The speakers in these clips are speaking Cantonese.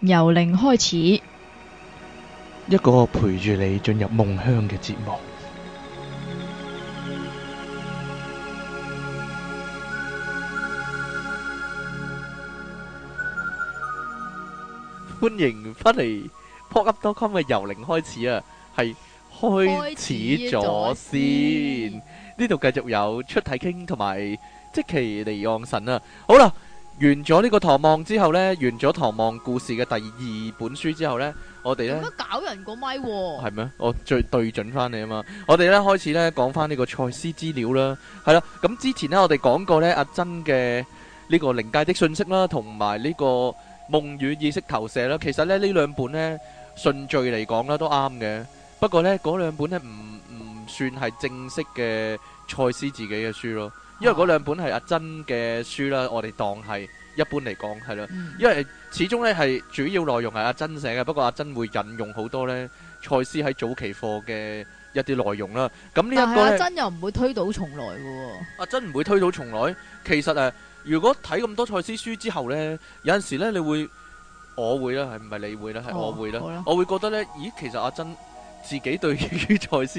由零開始，一個陪住你進入夢鄉嘅節目。歡迎翻嚟 pocket.com 嘅由零開始啊，係開始咗先。呢度繼續有出體傾同埋即其離岸神啊，好啦。完咗呢個《唐望》之後呢，完咗《唐望》故事嘅第二本書之後呢，我哋呢，點解搞人個咪、啊？係咩？我最對準翻你啊嘛！我哋呢開始呢講翻呢個賽斯資料啦，係啦。咁之前呢，我哋講過呢阿珍嘅呢、這個靈界的信息啦，同埋呢個夢與意識投射啦。其實咧呢兩本呢，順序嚟講啦都啱嘅，不過呢，嗰兩本咧唔唔算係正式嘅賽斯自己嘅書咯。因為嗰兩本係阿珍嘅書啦，我哋當係一般嚟講係啦，嗯、因為始終呢係主要內容係阿珍寫嘅，不過阿珍會引用好多呢賽斯喺早期課嘅一啲內容啦。咁呢一個阿珍又唔會推倒重來嘅。阿珍唔會推倒重來，其實誒、啊，如果睇咁多賽斯書之後呢，有陣時呢你會，我會啦，係唔係你會啦，係、哦、我會啦，吧我會覺得呢。咦，其實阿珍自己對於賽斯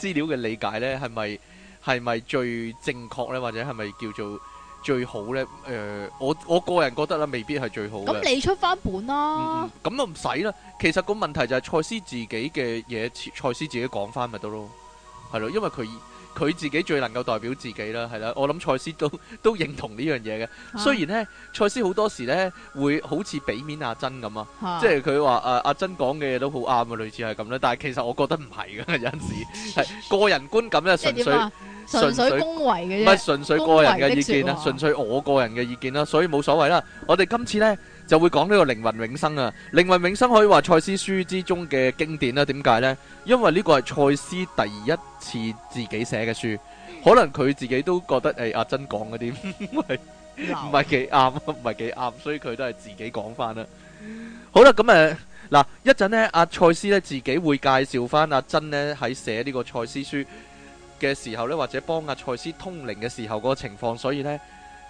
資料嘅理解呢，係咪？係咪最正確呢？或者係咪叫做最好呢？誒、呃，我我個人覺得啦，未必係最好嘅。咁你出翻本啦，咁就唔使啦。其實個問題就係賽斯自己嘅嘢，賽斯自己講翻咪得咯，係咯，因為佢。佢自己最能夠代表自己啦，係啦，我諗蔡司都都認同呢樣嘢嘅。啊、雖然呢，蔡司好多時呢會好似俾面、啊呃、阿珍咁啊，即係佢話誒阿珍講嘅嘢都好啱啊，類似係咁啦。但係其實我覺得唔係嘅，有陣時係個人觀感咧、 啊，純粹純粹恭維嘅啫，純粹個人嘅意見啊，的的純粹我個人嘅意見啦，所以冇所謂啦。我哋今次呢。 就會講呢個靈魂永生啊，靈魂永生可以話賽斯書之中嘅經典啦、啊。點解呢？因為呢個係賽斯第一次自己寫嘅書，可能佢自己都覺得誒、欸、阿珍講嗰啲唔係唔係幾啱，唔係幾啱，所以佢都係自己講翻啦。好啦，咁誒嗱一陣呢，阿賽斯呢，自己會介紹翻阿珍呢喺寫呢個賽斯書嘅時候呢，或者幫阿賽斯通靈嘅時候嗰個情況，所以呢。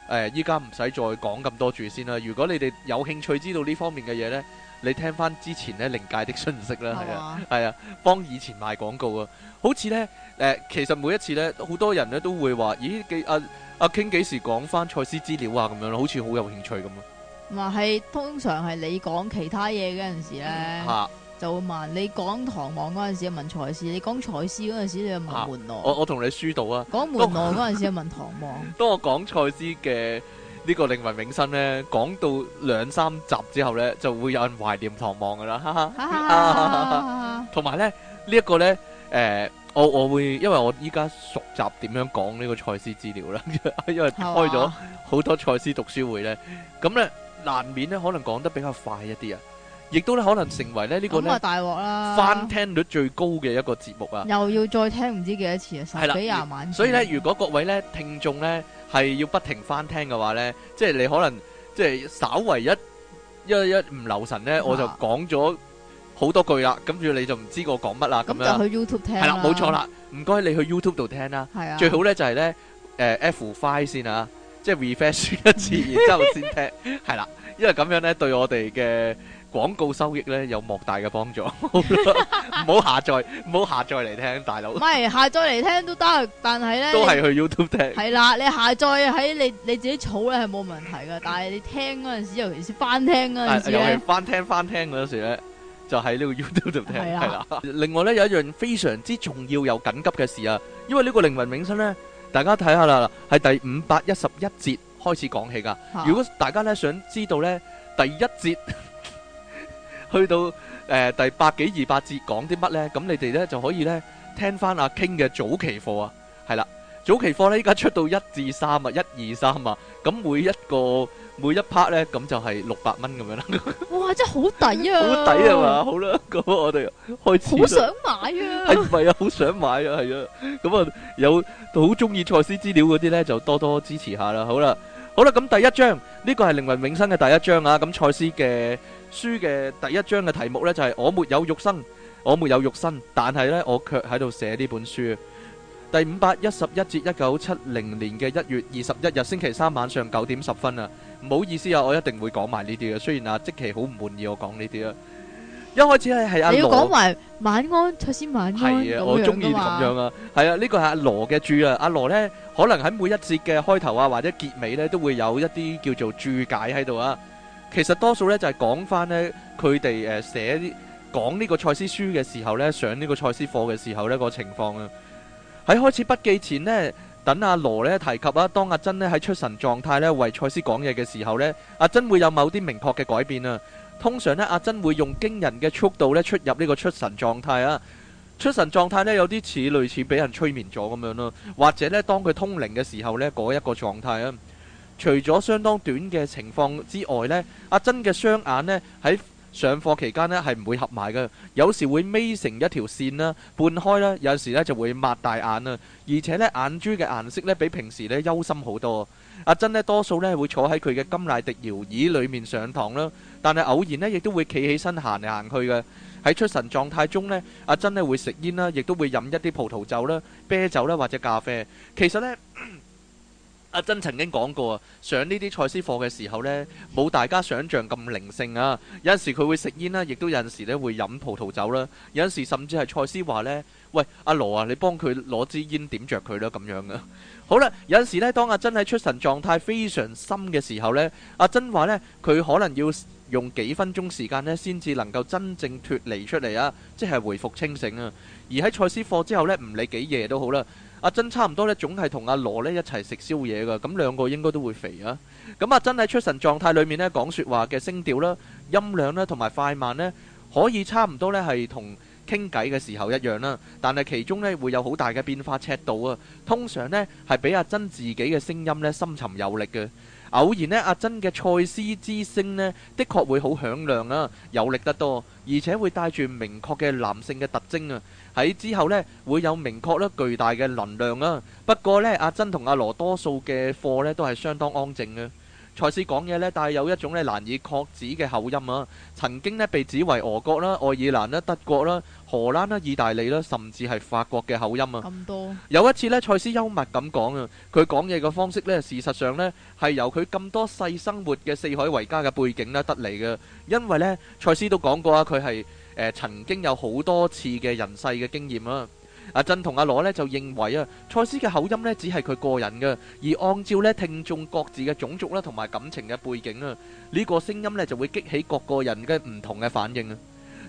誒，依家唔使再講咁多住先啦。如果你哋有興趣知道呢方面嘅嘢呢，你聽翻，之前呢，靈界的訊息啦，係吧啊，係啊，幫以前賣廣告啊。好似呢。誒、呃，其實每一次呢，好多人呢都會話，咦，幾啊啊，傾、啊、幾時講翻賽斯資料啊，咁樣，好似好有興趣咁咯。咪係，通常係你講其他嘢嗰陣時咧。嗯就會慢。你講唐望嗰陣時問賽斯，你講賽斯嗰陣時你就問門、啊、我我同你書到啊。講門內嗰陣時就問唐望。當我講賽斯嘅呢個靈魂永生咧，講到兩三集之後咧，就會有人懷念唐望噶啦。哈哈，同埋咧呢一、這個咧，誒、呃，我我會因為我依家熟習點樣講呢個賽斯資料啦， 因為開咗好多賽斯讀書會咧，咁咧難免咧可能講得比較快一啲啊。亦都咧，可能成為咧呢個大鑊啦，翻聽率最高嘅一個節目啊！又要再聽唔知幾多次啊，十幾廿萬。所以咧，如果各位咧聽眾咧係要不停翻聽嘅話咧，即係你可能即係稍為一一一唔留神咧，我就講咗好多句啦。跟住你就唔知我講乜啦。咁就去 YouTube 聽係啦，冇錯啦。唔該，你去 YouTube 度聽啦。係啊，最好咧就係咧誒 F5 先啊，即係 refresh 一次，然之後先聽係啦，因為咁樣咧對我哋嘅廣告收益咧有莫大嘅幫助，唔 好 下載，唔好下載嚟聽，大佬。唔係下載嚟聽都得，但係咧都係去 YouTube 聽。係 啦，你下載喺你你自己儲咧係冇問題嘅， 但係你聽嗰陣時，尤其是翻聽嗰陣時咧，翻聽、啊、翻聽嗰時咧，就喺呢個 YouTube 度聽係 啦。 另外咧有一樣非常之重要又緊急嘅事啊，因為呢個靈魂永生咧，大家睇下啦，係第五百一十一節開始講起㗎。 如果大家咧想知道咧第一節。 去到誒第八幾二百節講啲乜咧？咁你哋咧就可以咧聽翻阿 King 嘅早期課啊，係啦，早期課咧依家出到一至三啊，一二三啊，咁每一個每一 part 咧咁就係六百蚊咁樣啦。哇！真係好抵啊！好抵啊嘛，好啦，咁我哋開始啦。好想買啊！係唔係啊？好想買啊！係啊，咁啊有好中意賽斯資料嗰啲咧，就多多支持下啦。好啦，好啦，咁第一章呢個係靈魂永生嘅第一章啊，咁賽斯嘅。書嘅第一章嘅題目咧就係我沒有肉身，我沒有肉身，但係咧我卻喺度寫呢本書。第五百一十一節，一九七零年嘅一月二十一日星期三晚上九點十分啊！唔好意思啊，我一定會講埋呢啲嘅。雖然阿即奇好唔滿意我講呢啲啦。一開始咧係阿你要講埋晚安，再先晚安。係啊，我中意咁樣啊。係啊，呢個係阿羅嘅注啊。阿羅咧可能喺每一節嘅開頭啊或者結尾咧都會有一啲叫做注解喺度啊。其實多數咧就係講翻呢。佢哋誒寫啲講呢個賽斯書嘅時候呢，上呢個賽斯課嘅時候呢，個情況啊。喺開始筆記前呢，等阿羅咧提及啊，當阿珍咧喺出神狀態呢為賽斯講嘢嘅時候呢，阿珍會有某啲明確嘅改變啊。通常呢，阿珍會用驚人嘅速度呢出入呢個出神狀態啊。出神狀態呢，有啲似類似俾人催眠咗咁樣咯、啊，或者呢，當佢通靈嘅時候呢嗰一個狀態啊。除咗相當短嘅情況之外呢，阿珍嘅雙眼呢喺上課期間呢係唔會合埋嘅，有時會眯成一條線啦、半開啦，有時呢就會擘大眼啦，而且呢，眼珠嘅顏色呢比平時呢幽深好多。阿珍呢多數呢會坐喺佢嘅甘迺迪搖椅裏面上堂啦，但係偶然呢亦都會企起身行嚟行去嘅。喺出神狀態中呢，阿珍呢會食煙啦，亦都會飲一啲葡萄酒啦、啤酒啦或者咖啡。其實呢。嗯阿珍曾經講過啊，上呢啲賽斯課嘅時候呢，冇大家想象咁靈性啊。有陣時佢會食煙啦，亦都有陣時咧會飲葡萄酒啦。有陣時甚至係賽斯話呢：「喂，阿羅啊，你幫佢攞支煙點着佢啦。」咁樣啊。好啦，有陣時呢，當阿珍喺出神狀態非常深嘅時候呢，阿珍話呢，佢可能要用幾分鐘時間呢先至能夠真正脱離出嚟啊，即係回復清醒啊。而喺賽斯課之後呢，唔理幾夜都好啦。阿珍差唔多呢，總係同阿羅呢一齊食宵夜㗎，咁兩個應該都會肥啊。咁阿珍喺出神狀態裏面呢，講説話嘅聲調啦、音量啦同埋快慢呢，可以差唔多呢係同傾偈嘅時候一樣啦，但係其中呢，會有好大嘅變化尺度啊。通常呢，係比阿珍自己嘅聲音呢深沉有力嘅。偶然呢，阿珍嘅賽斯之聲呢，的確會好響亮啊，有力得多，而且會帶住明確嘅男性嘅特徵啊。喺之後呢，會有明確啦、巨大嘅能量啊。不過呢，阿珍同阿羅多數嘅課呢，都係相當安靜啊。賽斯講嘢呢，帶有一種呢難以確指嘅口音啊，曾經呢，被指為俄國啦、愛爾蘭啦、德國啦、荷蘭啦、意大利啦，甚至係法國嘅口音啊！咁多。有一次咧，賽斯幽默咁講啊，佢講嘢嘅方式咧，事實上咧係由佢咁多世生活嘅四海為家嘅背景咧得嚟嘅。因為咧，賽斯都講過啊，佢係誒曾經有好多次嘅人世嘅經驗啊。阿珍同阿羅咧就認為啊，賽斯嘅口音咧只係佢個人嘅，而按照咧聽眾各自嘅種族啦同埋感情嘅背景啊，呢個聲音咧就會激起各個人嘅唔同嘅反應啊。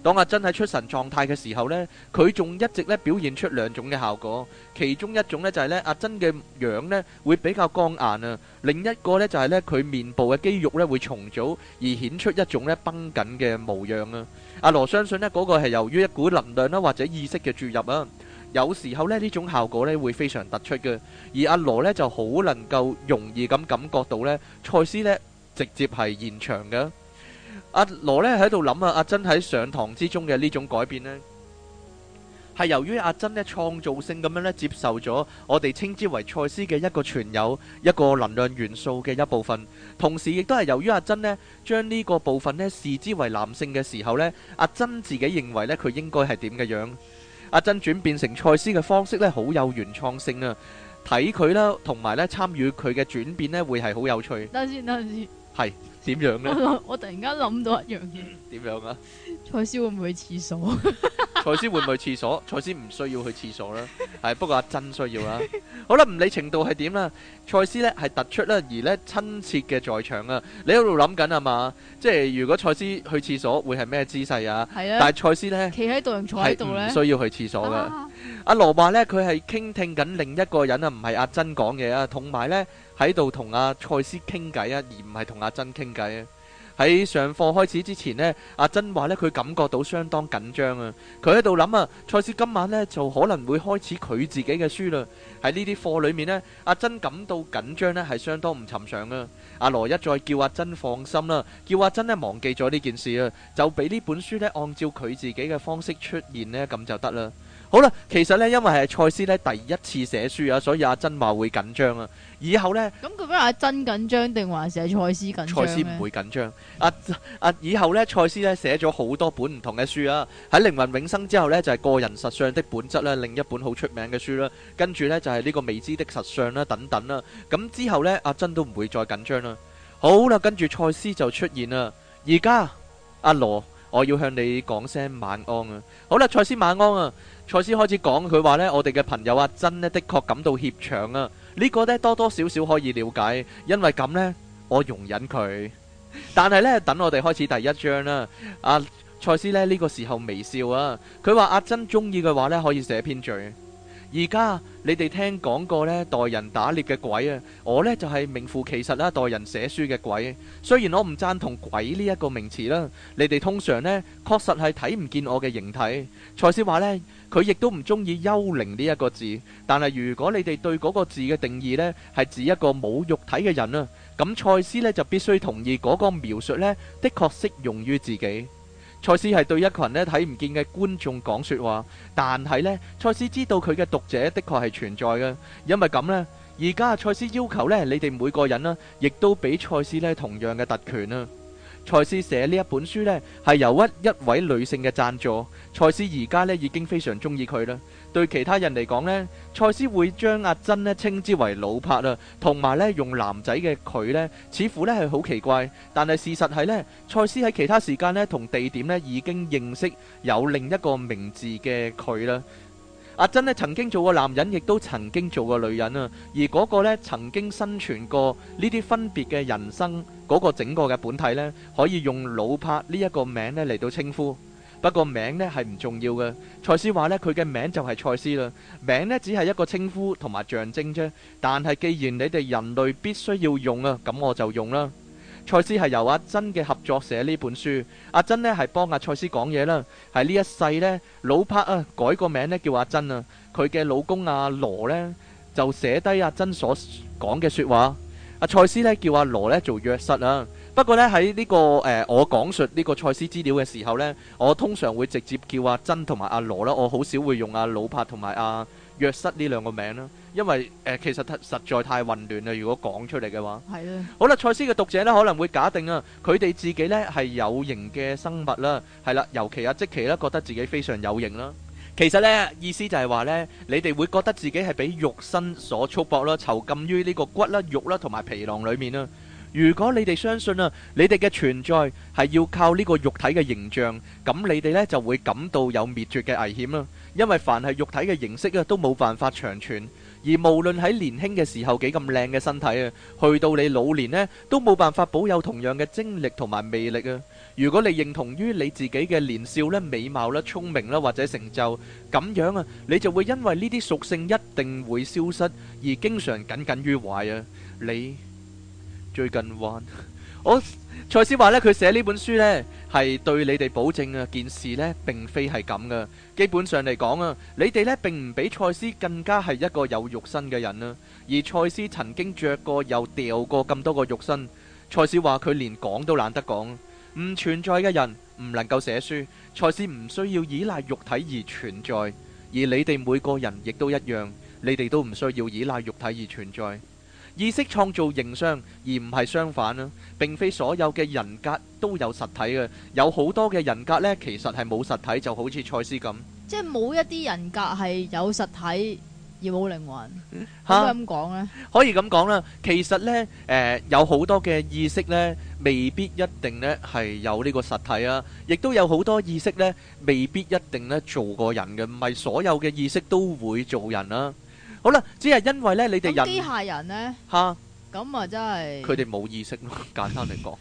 當阿珍喺出神狀態嘅時候咧，佢仲一直咧表現出兩種嘅效果，其中一種咧就係咧阿珍嘅樣咧會比較僵硬啊，另一個咧就係咧佢面部嘅肌肉咧會重組而顯出一種咧繃緊嘅模樣啊。阿羅相信咧嗰個係由於一股能量啦或者意識嘅注入啊，有時候咧呢種效果咧會非常突出嘅，而阿羅咧就好能夠容易咁感覺到咧，賽斯咧直接係現場嘅。阿羅呢喺度諗啊，阿珍喺上堂之中嘅呢種改變呢係由於阿珍呢創造性咁樣呢接受咗我哋稱之為賽斯嘅一個存有一個能量元素嘅一部分，同時亦都係由於阿珍呢將呢個部分呢視之為男性嘅時候呢阿珍自己認為呢佢應該係點嘅樣,樣？阿珍轉變成賽斯嘅方式呢，好有原創性啊！睇佢啦，同埋呢參與佢嘅轉變呢，會係好有趣。係。等等，等等。點樣呢？我我突然間諗到一樣嘢。點樣啊？賽斯會唔會去廁所？賽 斯 會唔會去廁所？賽斯唔需要去廁所啦。係 不過阿珍需要啦。 好啦，唔理程度係點啦。賽斯呢係突出啦，而呢親切嘅在場啊。你喺度諗緊啊嘛？即係如果賽斯去廁所會係咩姿勢啊？ 但係賽斯呢，企喺度，坐喺度呢，唔需要去廁所嘅。阿羅伯呢，佢係傾聽緊另一個人啊，唔係阿珍講嘢啊，同埋呢。喺度同阿賽斯傾偈啊，而唔係同阿珍傾偈啊。喺上課開始之前呢，阿珍話呢，佢感覺到相當緊張啊。佢喺度諗啊，賽斯今晚呢，就可能會開始佢自己嘅書啦。喺呢啲課裏面呢，阿珍感到緊張呢，係相當唔尋常啊。阿羅一再叫阿珍放心啦，叫阿珍呢，忘記咗呢件事啊，就俾呢本書呢，按照佢自己嘅方式出現呢，咁就得啦。好啦，其實呢，因為係賽斯呢第一次寫書啊，所以阿珍話會緊張啊。以後呢，咁究竟阿珍緊張定還是係賽斯緊張？賽斯唔會緊張。阿阿、啊啊啊、以後呢，賽斯呢寫咗好多本唔同嘅書啊。喺靈魂永生之後呢，就係、是、個人實相的本質啦、啊，另一本好出名嘅書啦、啊。跟住呢，就係、是、呢個未知的實相啦、啊，等等啦、啊。咁、啊、之後呢，阿珍都唔會再緊張啦。好啦，跟住賽斯就出現啦。而家阿羅，我要向你講聲晚安啊。好啦，賽斯晚安啊。賽斯開始講，佢話呢，我哋嘅朋友阿珍呢，的確感到怯場啊！呢、這個呢，多多少少可以了解，因為咁呢，我容忍佢。但係呢，等我哋開始第一章啦、啊，阿賽斯呢，呢、這個時候微笑啊，佢話阿珍鍾意嘅話呢，可以寫篇序。而家你哋聽講過呢代人打獵嘅鬼啊，我呢就係名副其實啦代人寫書嘅鬼。雖然我唔贊同鬼呢一個名詞啦，你哋通常呢確實係睇唔見我嘅形體。賽斯話呢，佢亦都唔中意幽靈呢一個字，但係如果你哋對嗰個字嘅定義呢係指一個冇肉體嘅人啊，咁賽斯呢就必須同意嗰個描述呢，的確適用於自己。賽斯係對一群呢睇唔見嘅觀眾講說話，但係呢，賽斯知道佢嘅讀者的確係存在嘅。因為咁呢，而家賽斯要求呢，你哋每個人呢，亦都俾賽斯呢同樣嘅特權啦。賽斯寫呢一本書呢，係由一一位女性嘅贊助，賽斯而家呢已經非常中意佢啦。對其他人嚟講呢，蔡思會將阿珍咧稱之為老拍啦，同埋咧用男仔嘅佢呢似乎咧係好奇怪。但係事實係呢，蔡思喺其他時間咧同地點咧已經認識有另一個名字嘅佢啦。阿珍咧曾經做過男人，亦都曾經做過女人啊。而嗰個咧曾經生存過呢啲分別嘅人生，嗰個整個嘅本體咧，可以用「老拍」呢一個名咧嚟到稱呼。不過名呢係唔重要嘅，賽斯話呢，佢嘅名就係賽斯啦，名呢只係一個稱呼同埋象徵啫。但係既然你哋人類必須要用啊，咁我就用啦。賽斯係由阿珍嘅合作寫呢本書，阿珍呢係幫阿賽斯講嘢啦。喺呢一世呢，老帕啊改個名呢叫阿珍啊，佢嘅老公阿羅呢，就寫低阿珍所講嘅說話，阿賽斯呢叫阿羅呢做約瑟啊。不過咧，喺呢個誒，我講述呢個賽斯資料嘅時候咧，我通常會直接叫阿珍同埋阿羅啦，我好少會用阿魯柏同埋阿約瑟呢兩個名啦，因為誒其實實在太混亂啦。如果講出嚟嘅話，係啦。好啦，賽斯嘅讀者咧可能會假定啊，佢哋自己咧係有形嘅生物啦，係啦，尤其阿積奇咧覺得自己非常有形啦。其實咧意思就係話咧，你哋會覺得自己係俾肉身所束縛啦，囚禁於呢個骨啦、肉啦同埋皮囊裡面啦。如果你哋相信啊，你哋嘅存在係要靠呢個肉體嘅形象，咁你哋咧就會感到有滅絕嘅危險啦。因為凡係肉體嘅形式啊，都冇辦法長存。而無論喺年輕嘅時候幾咁靚嘅身體啊，去到你老年咧，都冇辦法保有同樣嘅精力同埋魅力啊。如果你認同於你自己嘅年少咧，美貌啦、聰明啦或者成就咁樣啊，你就會因為呢啲屬性一定會消失而經常耿耿於懷啊。你最近玩，蔡思話咧，佢寫呢本書呢係對你哋保證啊，件事呢，並非係咁嘅。基本上嚟講啊，你哋呢並唔比蔡思更加係一個有肉身嘅人啊。而蔡思曾經着過又掉過咁多個肉身，蔡思話佢連講都懶得講。唔存在嘅人唔能夠寫書，蔡思唔需要依賴肉體而存在，而你哋每個人亦都一樣，你哋都唔需要依賴肉體而存在。意識創造形相，而唔係相反啦。並非所有嘅人格都有實體嘅，有好多嘅人格咧，其實係冇實體，就好似賽斯咁。即係冇一啲人格係有實體而冇靈魂，可唔可以咁講咧？可以咁講啦。其實咧，誒有好多嘅意識咧，未必一定咧係有呢個實體啊。亦都有好多意識咧，未必一定咧做過人嘅，唔係所有嘅意識都會做人啊。好啦，只係因為咧，你哋人機械人咧吓，咁啊真係佢哋冇意識咯，簡單嚟講。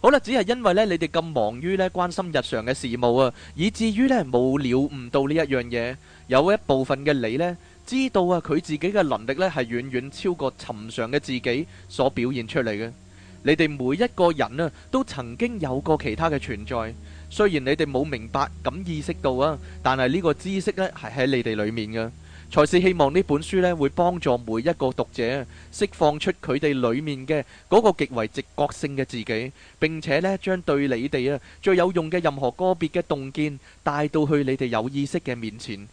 好啦，只係因為咧，你哋咁忙於咧關心日常嘅事務啊，以至於咧冇了悟到呢一樣嘢。有一部分嘅你咧知道啊，佢自己嘅能力咧係遠遠超過尋常嘅自己所表現出嚟嘅。你哋每一個人啊，都曾經有過其他嘅存在，雖然你哋冇明白咁意識到啊，但係呢個知識咧係喺你哋裏面嘅。賽斯希望呢本書咧會幫助每一個讀者釋放出佢哋裡面嘅嗰個極為直覺性嘅自己，並且咧將對你哋啊最有用嘅任何個別嘅洞見帶到去你哋有意識嘅面前。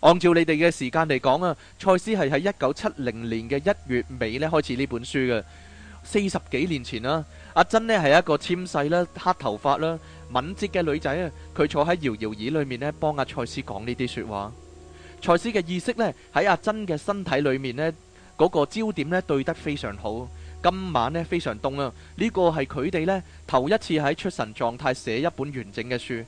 按照你哋嘅時間嚟講啊，賽斯係喺一九七零年嘅一月尾咧開始呢本書嘅四十幾年前啦。阿珍咧係一個纖細啦、黑頭髮啦、敏捷嘅女仔啊，佢坐喺搖搖椅裏面咧幫阿賽斯講呢啲説話。賽斯嘅意識咧喺阿珍嘅身體裏面咧嗰、那個焦點咧對得非常好。今晚咧非常凍啊！這個、呢個係佢哋咧頭一次喺出神狀態寫一本完整嘅書。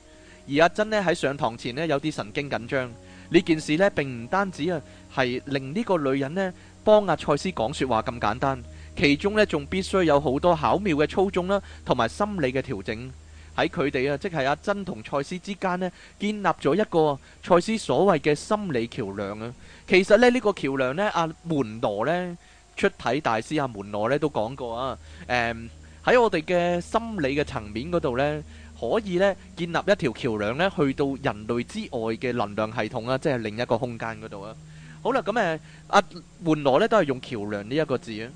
而阿珍咧喺上堂前咧有啲神經緊張。呢件事咧並唔單止啊，係令呢個女人咧幫阿賽斯講說話咁簡單，其中咧仲必須有好多巧妙嘅操縱啦、啊，同埋心理嘅調整。喺佢哋啊，即係阿珍同賽斯之間呢，建立咗一個賽斯所謂嘅心理橋梁啊。其實呢，呢、這個橋梁呢，阿、啊、門羅呢，出體大師阿、啊、門羅呢都講過啊。誒、嗯，喺我哋嘅心理嘅層面嗰度呢，可以呢，建立一條橋梁呢，去到人類之外嘅能量系統啊，即係另一個空間嗰度啊。好啦，咁、嗯、誒，阿、啊、門羅呢都係用橋梁呢一個字啊。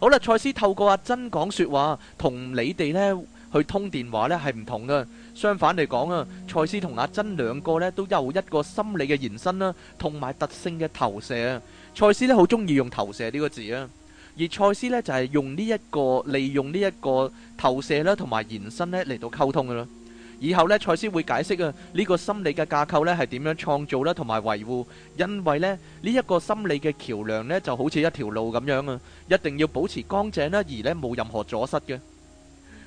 好啦，賽斯透過阿珍講說話，同你哋呢。去通電話咧係唔同嘅，相反嚟講啊，賽斯同阿珍兩個咧都有一個心理嘅延伸啦，同埋特性嘅投射啊。賽斯咧好中意用投射呢個字啊，而賽斯咧就係用呢一個利用呢一個投射啦，同埋延伸咧嚟到溝通嘅咯。以後咧，賽斯會解釋啊呢個心理嘅架構咧係點樣創造啦，同埋維護，因為咧呢一個心理嘅橋梁咧就好似一條路咁樣啊，一定要保持乾淨啦，而咧冇任何阻塞嘅。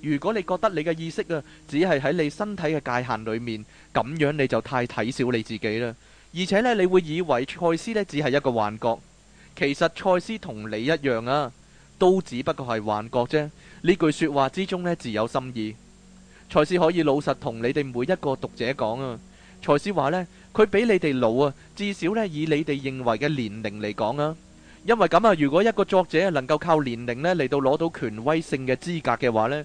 如果你覺得你嘅意識啊，只係喺你身體嘅界限裏面，咁樣你就太睇小你自己啦。而且呢，你會以為賽斯呢只係一個幻覺。其實賽斯同你一樣啊，都只不過係幻覺啫。呢句說話之中呢，自有深意。賽斯可以老實同你哋每一個讀者講啊。賽斯話呢，佢比你哋老啊，至少呢以你哋認為嘅年齡嚟講啊。因為咁啊，如果一個作者能夠靠年齡呢嚟到攞到權威性嘅資格嘅話呢。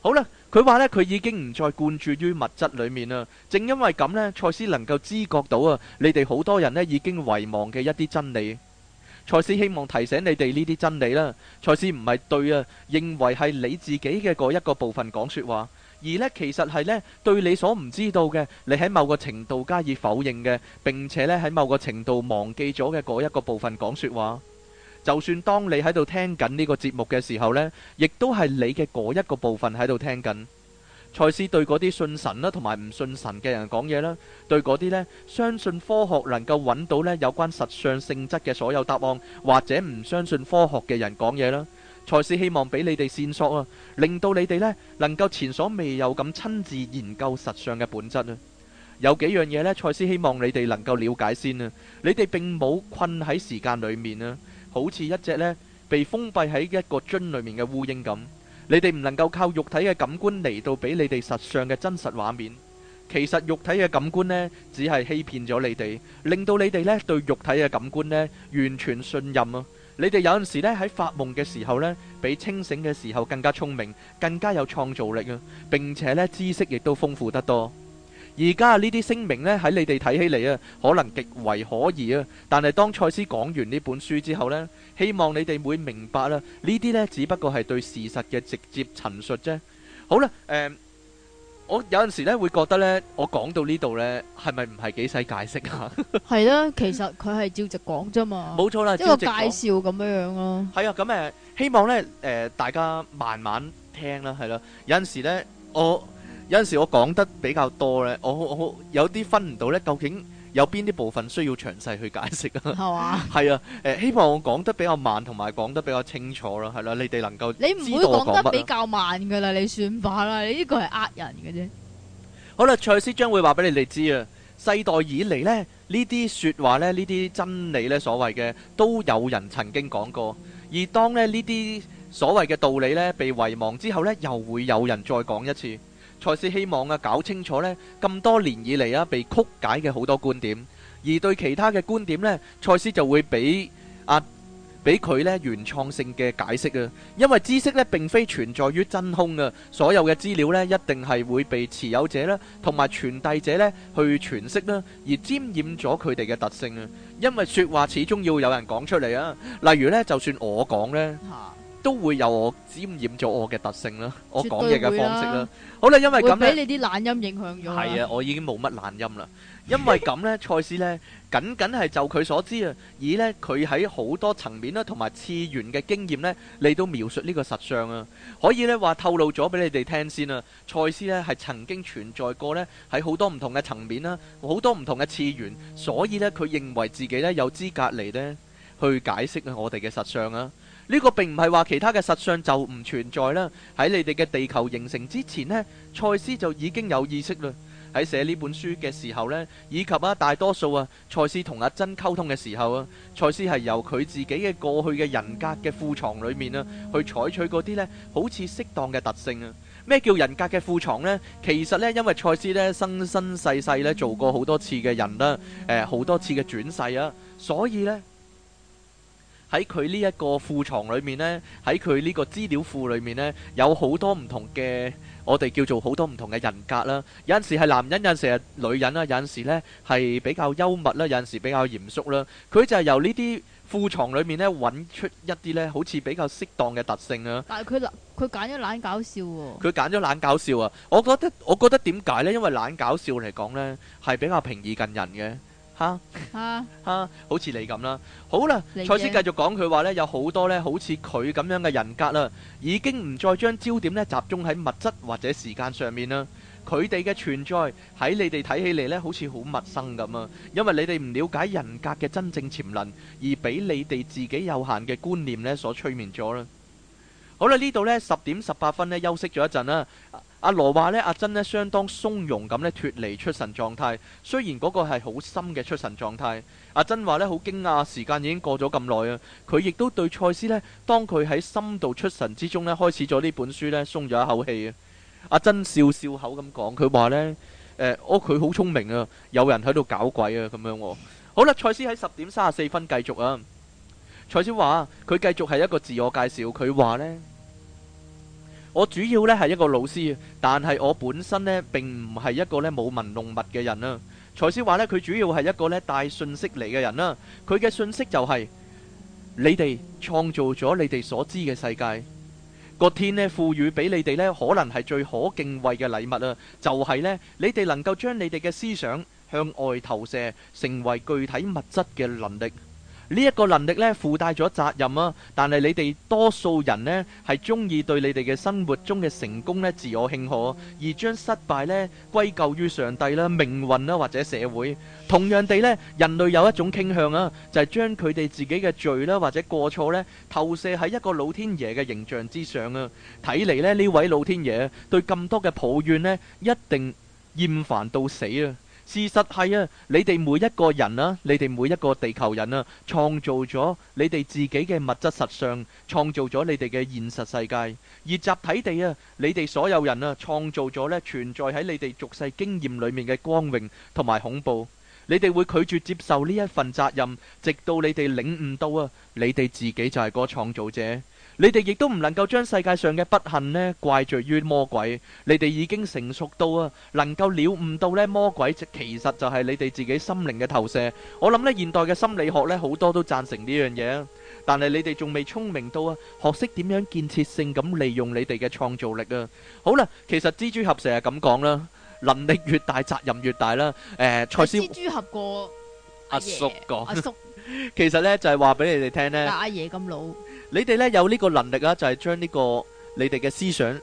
好啦，佢話呢，佢已經唔再貫注於物質裏面啦，正因為咁呢，賽斯能夠知覺到啊，你哋好多人呢已經遺忘嘅一啲真理，賽斯希望提醒你哋呢啲真理啦。賽斯唔係對啊，認為係你自己嘅嗰一個部分講說話，而呢，其實係呢，對你所唔知道嘅，你喺某個程度加以否認嘅，並且呢，喺某個程度忘記咗嘅嗰一個部分講說話。就算當你喺度聽緊呢個節目嘅時候，呢亦都係你嘅嗰一個部分喺度聽緊。蔡斯對嗰啲信神啦，同埋唔信神嘅人講嘢啦，對嗰啲呢相信科學能夠揾到呢有關實相性質嘅所有答案，或者唔相信科學嘅人講嘢啦。蔡斯希望俾你哋線索啊，令到你哋呢能夠前所未有咁親自研究實相嘅本質啊。有幾樣嘢呢？蔡斯希望你哋能夠了解先啊。你哋並冇困喺時間裏面啊。好似一隻呢被封閉喺一個樽裏面嘅烏蠅咁，你哋唔能夠靠肉體嘅感官嚟到俾你哋實相嘅真實畫面。其實肉體嘅感官呢，只係欺騙咗你哋，令到你哋呢對肉體嘅感官呢完全信任啊。你哋有陣時呢喺發夢嘅時候呢，比清醒嘅時候更加聰明，更加有創造力啊，並且呢知識亦都豐富得多。而家呢啲聲明咧，喺你哋睇起嚟啊，可能極為可疑啊。但係當賽斯講完呢本書之後咧，希望你哋會明白啦。呢啲咧，只不過係對事實嘅直接陳述啫。好啦，誒，我有陣時咧會覺得咧，我講到呢度咧，係咪唔係幾使解釋啊？係啦，其實佢係照直講啫嘛，冇錯啦，一個介紹咁樣樣咯。係啊，咁誒，希望咧誒大家慢慢聽啦，係啦。有陣時咧，我。有陣時我講得比較多咧，我我有啲分唔到咧，究竟有邊啲部分需要詳細去解釋啊？係嘛？係啊，誒希望我講得比較慢，同埋講得比較清楚啦，係啦，你哋能夠知道講得比較慢嘅啦，你算吧啦，你呢個係呃人嘅啫。好啦，賽斯將會話俾你哋知啊。世代以嚟咧，呢啲説話咧，呢啲真理咧，所謂嘅都有人曾經講過。而當咧呢啲所謂嘅道理咧，被遺忘之後咧，又會有人再講一次。賽斯希望啊，搞清楚呢咁多年以嚟啊，被曲解嘅好多觀點，而對其他嘅觀點呢，賽斯就會俾啊俾佢呢原創性嘅解釋啊。因為知識呢並非存在於真空啊，所有嘅資料呢一定係會被持有者啦，同埋傳遞者呢去詮釋啦，而沾染咗佢哋嘅特性啊。因為說話始終要有人講出嚟啊，例如呢，就算我講咧。嗯都會有我沾染咗我嘅特性啦，絕對 我講嘢嘅方式啦。啊、好啦，因為咁咧，會俾你啲懶音影響咗。係啊，我已經冇乜懶音啦。因為咁呢，賽 斯呢，僅僅係就佢所知啊，以呢，佢喺好多層面啦，同埋次元嘅經驗呢，你都描述呢個實相啊。可以呢話透露咗俾你哋聽先啊。賽斯呢係曾經存在過呢，喺好多唔同嘅層面啦，好多唔同嘅次元，嗯、所以呢，佢認為自己呢，有資格嚟呢，去解釋我哋嘅實相啊。呢個並唔係話其他嘅實相就唔存在啦。喺你哋嘅地球形成之前呢，賽斯就已經有意識啦。喺寫呢本書嘅時候呢，以及啊大多數啊賽斯同阿珍溝通嘅時候啊，賽斯係由佢自己嘅過去嘅人格嘅庫藏裡面啊，去採取嗰啲呢好似適當嘅特性啊。咩叫人格嘅庫藏呢？其實呢，因為賽斯呢生生世世呢做過好多次嘅人啦、啊，誒、呃、好多次嘅轉世啊，所以呢。喺佢呢一個庫藏裏面咧，喺佢呢個資料庫裏面咧，有好多唔同嘅我哋叫做好多唔同嘅人格啦。有陣時係男人，有陣時係女人啦。有陣時咧係比較幽默啦，有陣時比較嚴肅啦。佢就係由呢啲庫藏裏面咧揾出一啲咧，好似比較適當嘅特性啦。但係佢佢揀咗懶搞笑喎。佢揀咗懶搞笑啊！我覺得我覺得點解咧？因為懶搞笑嚟講咧，係比較平易近人嘅。吓吓吓，好似你咁啦。好啦，賽斯繼續講佢話呢，有好多呢，好似佢咁樣嘅人格啦，已經唔再將焦點呢集中喺物質或者時間上面啦。佢哋嘅存在喺你哋睇起嚟呢，好似好陌生咁啊，因為你哋唔了解人格嘅真正潛能，而俾你哋自己有限嘅觀念呢所催眠咗啦。好啦，呢度呢，十點十八分呢，休息咗一陣啦。阿羅話呢，阿珍呢，相當松容咁呢脫離出神狀態，雖然嗰個係好深嘅出神狀態。阿珍話呢，好驚訝，時間已經過咗咁耐啊！佢亦都對賽斯呢，當佢喺深度出神之中呢開始咗呢本書呢鬆咗一口氣啊！阿珍笑笑口咁講，佢話呢：呃「誒、哦，我佢好聰明啊，有人喺度搞鬼啊，咁樣、啊。好啦，賽斯喺十點三十四分繼續啊。賽斯話佢繼續係一個自我介紹，佢話呢。我主要呢係一個老師，但係我本身呢並唔係一個咧舞文弄墨嘅人啊，賽斯話呢，佢主要係一個呢帶信息嚟嘅人啦，佢嘅信息就係，你哋創造咗你哋所知嘅世界，個天呢賦予俾你哋呢可能係最可敬畏嘅禮物啊，就係呢，你哋能夠將你哋嘅思想向外投射，成為具體物質嘅能力。呢一個能力咧附帶咗責任啊，但係你哋多數人咧係中意對你哋嘅生活中嘅成功咧自我慶賀，而將失敗咧歸咎於上帝啦、命運啦或者社會。同樣地咧，人類有一種傾向啊，就係將佢哋自己嘅罪啦或者過錯咧投射喺一個老天爺嘅形象之上啊。睇嚟咧呢位老天爺對咁多嘅抱怨咧一定厭煩到死啊！事實係啊，你哋每一個人啊，你哋每一個地球人啊，創造咗你哋自己嘅物質實相，創造咗你哋嘅現實世界。而集體地啊，你哋所有人啊，創造咗呢存在喺你哋俗世經驗裡面嘅光榮同埋恐怖。你哋會拒絕接受呢一份責任，直到你哋領悟到啊，你哋自己就係個創造者。你哋亦都唔能夠將世界上嘅不幸呢怪罪於魔鬼，你哋已經成熟到啊，能夠了悟到呢魔鬼就其實就係你哋自己心靈嘅投射。我諗呢現代嘅心理學呢好多都讚成呢樣嘢啊，但係你哋仲未聰明到啊，學識點樣建設性咁利用你哋嘅創造力啊。好啦，其實蜘蛛俠成日咁講啦，能力越大責任越大啦。誒，蔡司蜘蛛俠過阿叔講阿叔，其實咧就係話俾你哋聽咧，阿爺咁老。你哋咧有呢個能力啊，就係、是、將呢、這個你哋嘅思想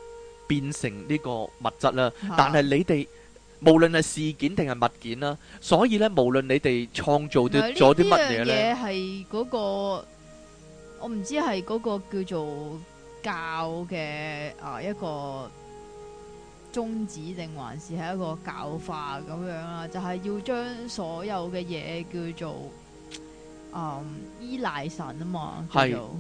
變成呢個物質啦。啊、但係你哋無論係事件定係物件啦、啊，所以咧無論你哋創造咗啲乜嘢咧，這呢嘢係嗰個、那個、我唔知係嗰個叫做教嘅啊、呃、一個宗旨定還是係一個教化咁樣啦，就係、是、要將所有嘅嘢叫做啊、嗯、依賴神啊嘛，叫做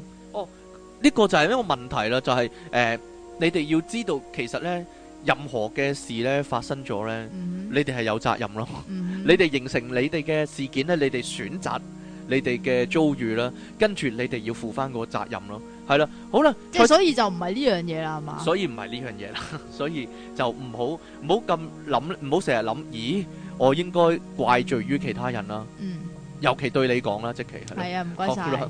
呢個就係一個問題啦，就係誒，你哋要知道，其實呢，任何嘅事呢發生咗呢，你哋係有責任咯。你哋形成你哋嘅事件呢，你哋選擇你哋嘅遭遇啦，跟住你哋要負翻個責任咯。係啦，好啦，即係所以就唔係呢樣嘢啦，係嘛？所以唔係呢樣嘢啦，所以就唔好唔好咁諗，唔好成日諗，咦，我應該怪罪於其他人啦。嗯，尤其對你講啦，即係係啊，唔該曬。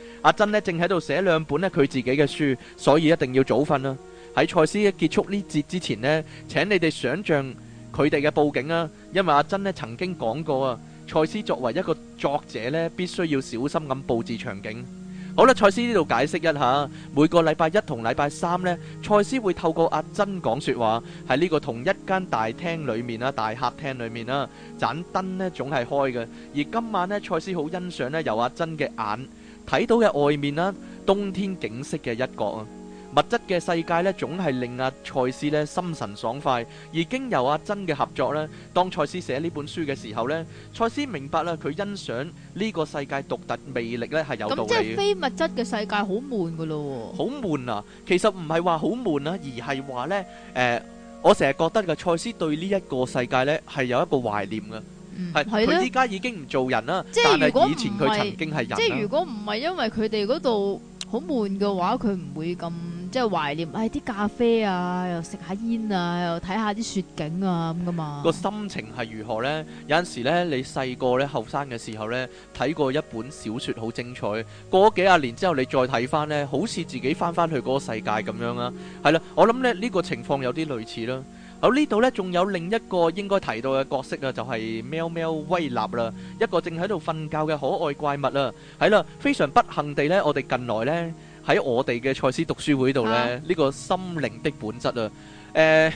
阿珍呢正喺度寫兩本呢佢自己嘅書，所以一定要早瞓啦。喺賽斯結束呢節之前呢，請你哋想象佢哋嘅布景啊。因為阿珍呢曾經講過啊，賽斯作為一個作者呢，必須要小心咁布置場景。好啦，賽斯呢度解釋一下，每個禮拜一同禮拜三呢，賽斯會透過阿珍講說話，喺呢個同一間大廳裏面啦，大客廳裏面啦，盞燈呢總係開嘅。而今晚呢，賽斯好欣賞呢由阿珍嘅眼。睇到嘅外面啦，冬天景色嘅一角啊，物質嘅世界呢，總係令阿、啊、賽斯呢心神爽快，而經由阿珍嘅合作呢，當賽斯寫呢本書嘅時候呢，賽斯明白啦，佢欣賞呢個世界獨特魅力呢係有道理。咁即係非物質嘅世界好悶噶咯？好悶啊！其實唔係話好悶啊，而係話呢，誒、呃，我成日覺得嘅賽斯對呢一個世界呢係有一個懷念噶。係佢依家已經唔做人啦，是但係以前佢曾經係人。即係如果唔係因為佢哋嗰度好悶嘅話，佢唔會咁即係懷念。唉，啲咖啡啊，又食下煙啊，又睇下啲雪景啊咁噶嘛。個心情係如何呢？有陣時咧，你細個呢，後生嘅時候呢，睇過一本小說好精彩。過咗幾廿年之後，你再睇翻呢，好似自己翻翻去嗰個世界咁樣啦。係啦，嗯，我諗咧呢個情況有啲類似啦。好、哦、呢度咧，仲有另一個應該提到嘅角色啊，就係、是、喵喵威立啦，一個正喺度瞓覺嘅可愛怪物啦、啊。係啦，非常不幸地咧，我哋近來咧喺我哋嘅賽斯讀書會度咧，呢、啊、個心靈的本質啊，誒、呃、呢、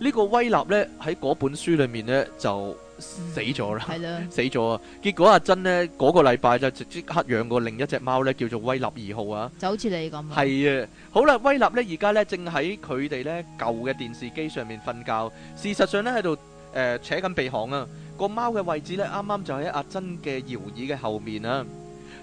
這個威立咧喺嗰本書裡面咧就。死咗啦，係啦，死咗。結果阿珍呢嗰個禮拜就即刻養過另一隻貓呢，叫做威立二號啊。就好似你咁。係啊，好啦，威立呢而家呢正喺佢哋呢舊嘅電視機上面瞓覺。事實上呢喺度誒扯緊鼻鼾啊。個貓嘅位置呢啱啱就喺阿珍嘅搖椅嘅後面啊。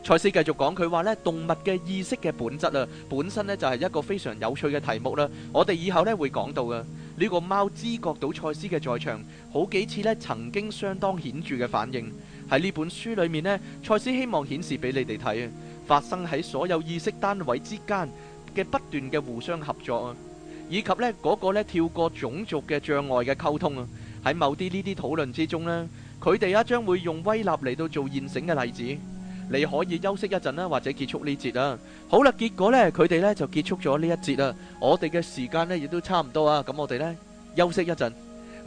賽斯繼續講，佢話咧動物嘅意識嘅本質啊，本身咧就係一個非常有趣嘅題目啦。我哋以後咧會講到嘅呢個貓知覺到賽斯嘅在場，好幾次咧曾經相當顯著嘅反應喺呢本書裏面咧。賽斯希望顯示俾你哋睇，發生喺所有意識單位之間嘅不斷嘅互相合作，以及咧嗰個跳過種族嘅障礙嘅溝通啊。喺某啲呢啲討論之中咧，佢哋啊將會用威納嚟到做現成嘅例子。你可以休息一陣啦，或者結束呢節啦。好啦，結果呢，佢哋呢就結束咗呢一節啦。我哋嘅時間呢，亦都差唔多啊，咁我哋呢，休息一陣，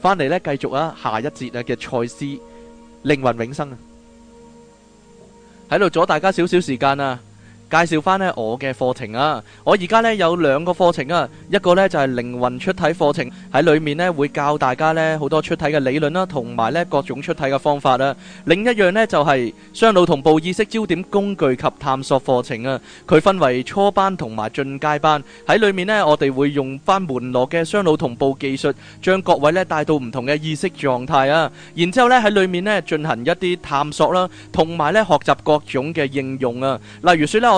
翻嚟呢，繼續啊下一節啊嘅賽斯，靈魂永生啊，喺度阻大家少少時間啊。介紹翻呢我嘅課程啊！我而家呢有兩個課程啊，一個呢就係靈魂出體課程，喺裡面呢會教大家呢好多出體嘅理論啦，同埋呢各種出體嘅方法啊。另一樣呢就係雙腦同步意識焦點工具及探索課程啊。佢分為初班同埋進階班，喺裡面呢我哋會用翻門羅嘅雙腦同步技術，將各位呢帶到唔同嘅意識狀態啊。然之後呢喺裡面呢進行一啲探索啦，同埋呢學習各種嘅應用啊。例如説呢我。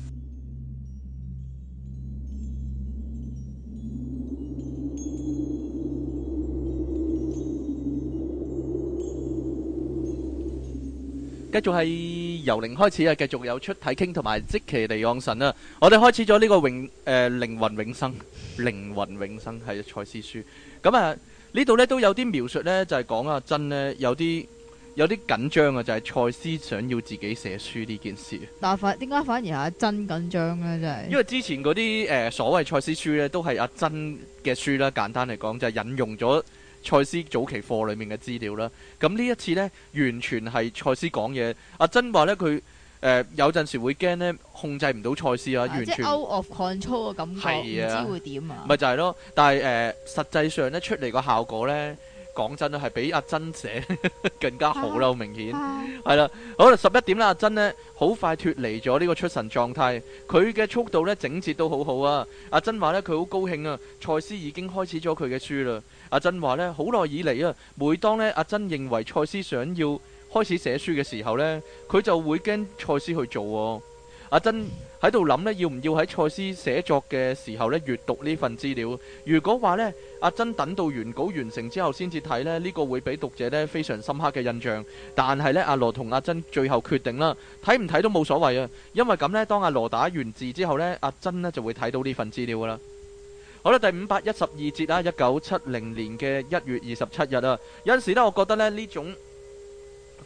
繼續係由零開始啊！繼續有出體傾同埋即奇地離岸神啦！我哋開始咗呢個永誒、呃、靈魂永生，靈魂永生係賽斯書。咁啊呢度咧都有啲描述呢就係、是、講阿、啊、珍呢有啲有啲緊張啊，就係、是、賽斯想要自己寫書呢件事。但反點解反而係阿珍緊張呢？真係因為之前嗰啲誒所謂賽斯書呢，都係阿珍嘅書啦。簡單嚟講，就係、是、引用咗。賽斯早期課裡面嘅資料啦，咁呢一次呢，完全係賽斯講嘢。阿珍話呢，佢誒、呃、有陣時會驚呢控制唔到賽斯啊，完全、啊、即 out of control 嘅感覺，唔的、啊、知會點啊。咪就係咯，但係誒、呃、實際上呢，出嚟個效果呢。講真啦，係比阿珍寫 更加好啦，明顯係啦。好啦，十一點啦，阿珍呢，好快脫離咗呢個出神狀態，佢嘅速度呢，整節都好好啊。阿珍話呢，佢好高興啊，賽斯已經開始咗佢嘅書啦。阿珍話呢，好耐以嚟啊，每當呢，阿珍認為賽斯想要開始寫書嘅時候呢，佢就會驚賽斯去做、啊。阿珍。嗯喺度諗呢，要唔要喺賽斯寫作嘅時候咧閱讀呢份資料？如果話呢，阿珍等到原稿完成之後先至睇呢，呢、這個會俾讀者咧非常深刻嘅印象。但係呢，阿羅同阿珍最後決定啦，睇唔睇都冇所謂啊。因為咁呢，當阿羅打完字之後呢，阿珍呢就會睇到呢份資料噶啦。好啦，第五百一十二節啊，一九七零年嘅一月二十七日啊。有陣時咧，我覺得呢，呢種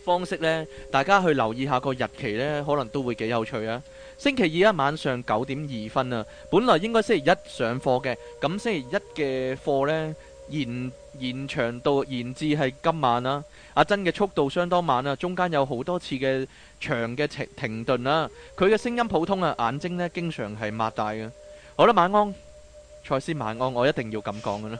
方式呢，大家去留意下個日期呢，可能都會幾有趣啊。星期二一晚上九點二分啊，本來應該星期一上課嘅，咁星期一嘅課呢，延延長到延至係今晚啦、啊。阿珍嘅速度相當慢啦、啊，中間有好多次嘅長嘅停停頓啦、啊。佢嘅聲音普通啊，眼睛呢，經常係擘大嘅。好啦，晚安，賽斯晚安，我一定要咁講嘅啦。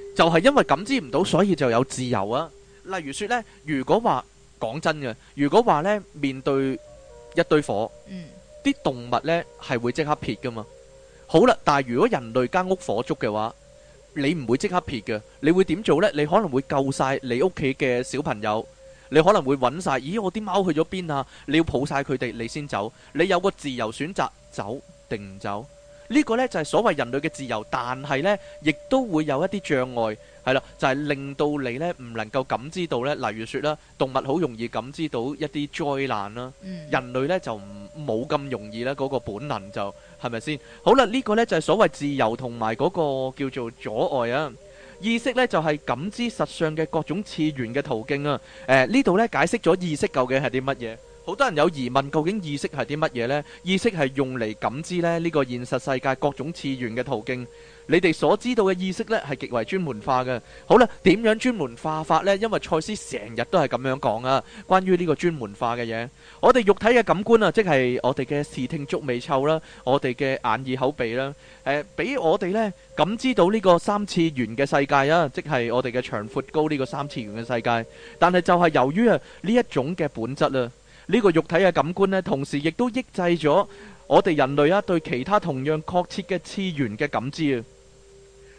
就係因為感知唔到，所以就有自由啊！例如說呢，如果話講真嘅，如果話呢，面對一堆火，啲、嗯、動物呢係會即刻撇㗎嘛。好啦，但係如果人類間屋火燭嘅話，你唔會即刻撇嘅，你會點做呢？你可能會救晒你屋企嘅小朋友，你可能會揾晒咦我啲貓去咗邊啊？你要抱晒佢哋，你先走。你有個自由選擇，走定唔走？呢個咧就係所謂人類嘅自由，但係咧亦都會有一啲障礙，係啦，就係令到你咧唔能夠感知到咧。例如説啦，動物好容易感知到一啲災難啦，人類咧就唔冇咁容易啦，嗰個本能就係咪先？好啦，呢個咧就係所謂自由同埋嗰個叫做阻礙啊。意識咧就係感知實相嘅各種次元嘅途徑啊。誒，呢度咧解釋咗意識究竟係啲乜嘢。好多人有疑問，究竟意識係啲乜嘢呢？意識係用嚟感知呢呢個現實世界各種次元嘅途徑。你哋所知道嘅意識呢係極為專門化嘅。好啦，點樣專門化法呢？因為賽斯成日都係咁樣講啊，關於呢個專門化嘅嘢。我哋肉體嘅感官啊，即係我哋嘅視聽觸味嗅啦，我哋嘅眼耳口鼻啦，誒，俾我哋呢感知到呢個三次元嘅世界啊，即係我哋嘅長闊高呢個三次元嘅世界。但係就係由於啊呢一種嘅本質啊。呢個肉體嘅感官咧，同時亦都抑制咗我哋人類啊對其他同樣確切嘅次元嘅感知啊！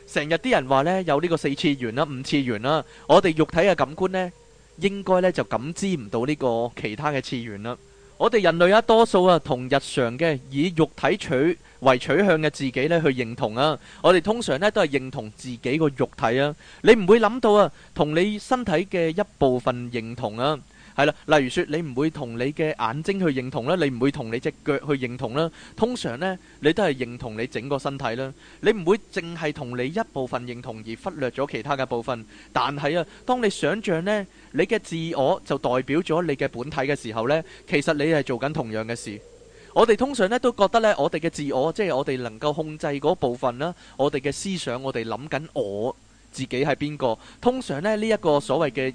成日啲人話咧有呢個四次元啦、五次元啦，我哋肉體嘅感官咧應該咧就感知唔到呢個其他嘅次元啦。我哋人類啊多數啊同日常嘅以肉體取為取向嘅自己咧去認同啊。我哋通常咧都係認同自己個肉體啊。你唔會諗到啊，同你身體嘅一部分認同啊。係啦，例如說你唔會同你嘅眼睛去認同啦，你唔會同你隻腳去認同啦。通常呢，你都係認同你整個身體啦。你唔會淨係同你一部分認同而忽略咗其他嘅部分。但係啊，當你想象呢，你嘅自我就代表咗你嘅本體嘅時候呢，其實你係做緊同樣嘅事。我哋通常呢，都覺得呢，我哋嘅自我即係、就是、我哋能夠控制嗰部分啦，我哋嘅思想，我哋諗緊我自己係邊個。通常呢，呢、這、一個所謂嘅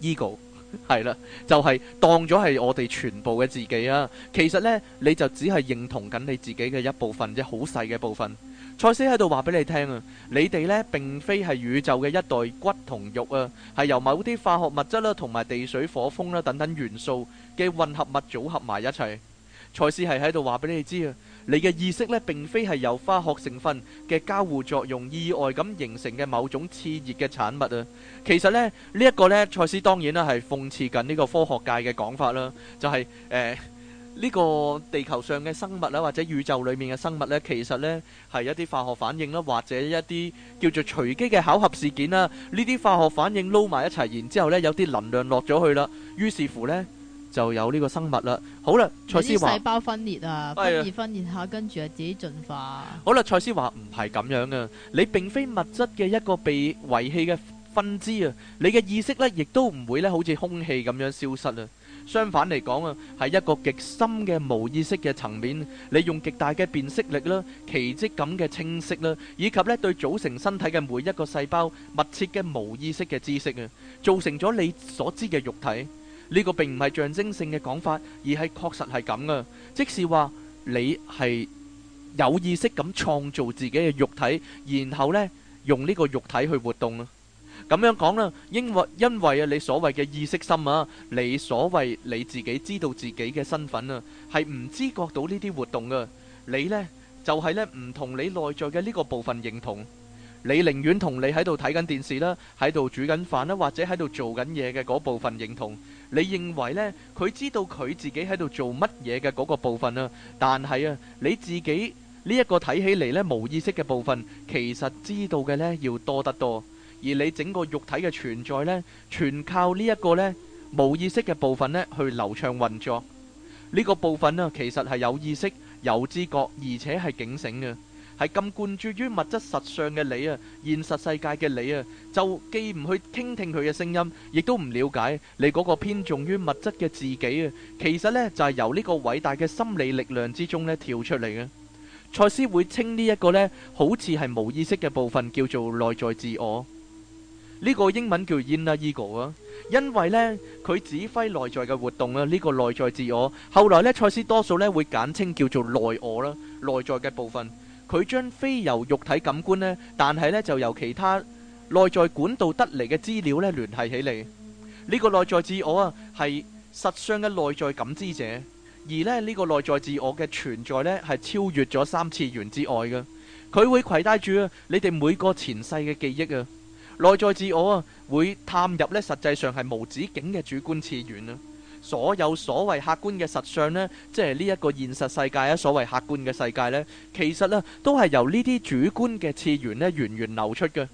ego。係啦， 就係、是、當咗係我哋全部嘅自己啊！其實呢，你就只係認同緊你自己嘅一部分，即好細嘅部分。賽斯喺度話俾你聽啊，你哋呢，並非係宇宙嘅一代骨同肉啊，係由某啲化學物質啦、啊，同埋地水火風啦、啊、等等元素嘅混合物組合埋一齊。賽斯係喺度話俾你知啊。你嘅意識咧，並非係由化學成分嘅交互作用意外咁形成嘅某種熾熱嘅產物啊！其實呢，呢、這、一個呢，賽斯當然啦，係諷刺緊呢個科學界嘅講法啦，就係誒呢個地球上嘅生物啦、啊，或者宇宙裏面嘅生物呢，其實呢係一啲化學反應啦、啊，或者一啲叫做隨機嘅巧合事件啦、啊，呢啲化學反應撈埋一齊，然之後呢，有啲能量落咗去啦，於是乎呢。就有呢個生物啦。好啦，賽斯話，啲細胞分裂啊，分裂分裂下，的跟住啊自己進化。好啦，賽斯話唔係咁樣嘅。你並非物質嘅一個被遺棄嘅分支啊。你嘅意識呢亦都唔會呢好似空氣咁樣消失啊。相反嚟講啊，係一個極深嘅無意識嘅層面，你用極大嘅辨識力啦、奇蹟咁嘅清晰啦，以及呢對組成身體嘅每一個細胞密切嘅無意識嘅知識啊，造成咗你所知嘅肉體。呢個並唔係象徵性嘅講法，而係確實係咁啊。即是話你係有意識咁創造自己嘅肉體，然後呢，用呢個肉體去活動啊。咁樣講啦，因為因為啊，你所謂嘅意識心啊，你所謂你自己知道自己嘅身份啊，係唔知覺到呢啲活動啊。你呢，就係呢唔同你內在嘅呢個部分認同，你寧願同你喺度睇緊電視啦，喺度煮緊飯啦，或者喺度做緊嘢嘅嗰部分認同。你認為呢？佢知道佢自己喺度做乜嘢嘅嗰個部分啊。但係啊，你自己呢一個睇起嚟呢無意識嘅部分，其實知道嘅呢要多得多，而你整個肉體嘅存在呢，全靠呢一個呢無意識嘅部分呢去流暢運作。呢個部分啊，其實係有意識、有知覺，而且係警醒嘅。係咁灌注於物質實相嘅你啊，現實世界嘅你啊，就既唔去傾聽佢嘅聲音，亦都唔了解你嗰個偏重於物質嘅自己啊。其實呢，就係、是、由呢個偉大嘅心理力量之中呢跳出嚟嘅。賽斯會稱呢一個呢，好似係無意識嘅部分，叫做內在自我呢，這個英文叫 inner ego 啊。因為呢，佢指揮內在嘅活動啊，呢，這個內在自我後來呢，賽斯多數呢會簡稱叫做內我啦，內在嘅部分。佢將非由肉體感官咧，但係咧就由其他內在管道得嚟嘅資料咧聯繫起嚟。呢個內在自我啊，係實相嘅內在感知者，而咧呢個內在自我嘅存在咧係超越咗三次元之外嘅。佢會攜帶住啊，你哋每個前世嘅記憶啊，內在自我啊會探入咧，實際上係無止境嘅主觀次元啊。所有所謂客觀嘅實相呢，即係呢一個現實世界啊，所謂客觀嘅世界呢，其實呢都係由呢啲主觀嘅次元呢源源流出嘅。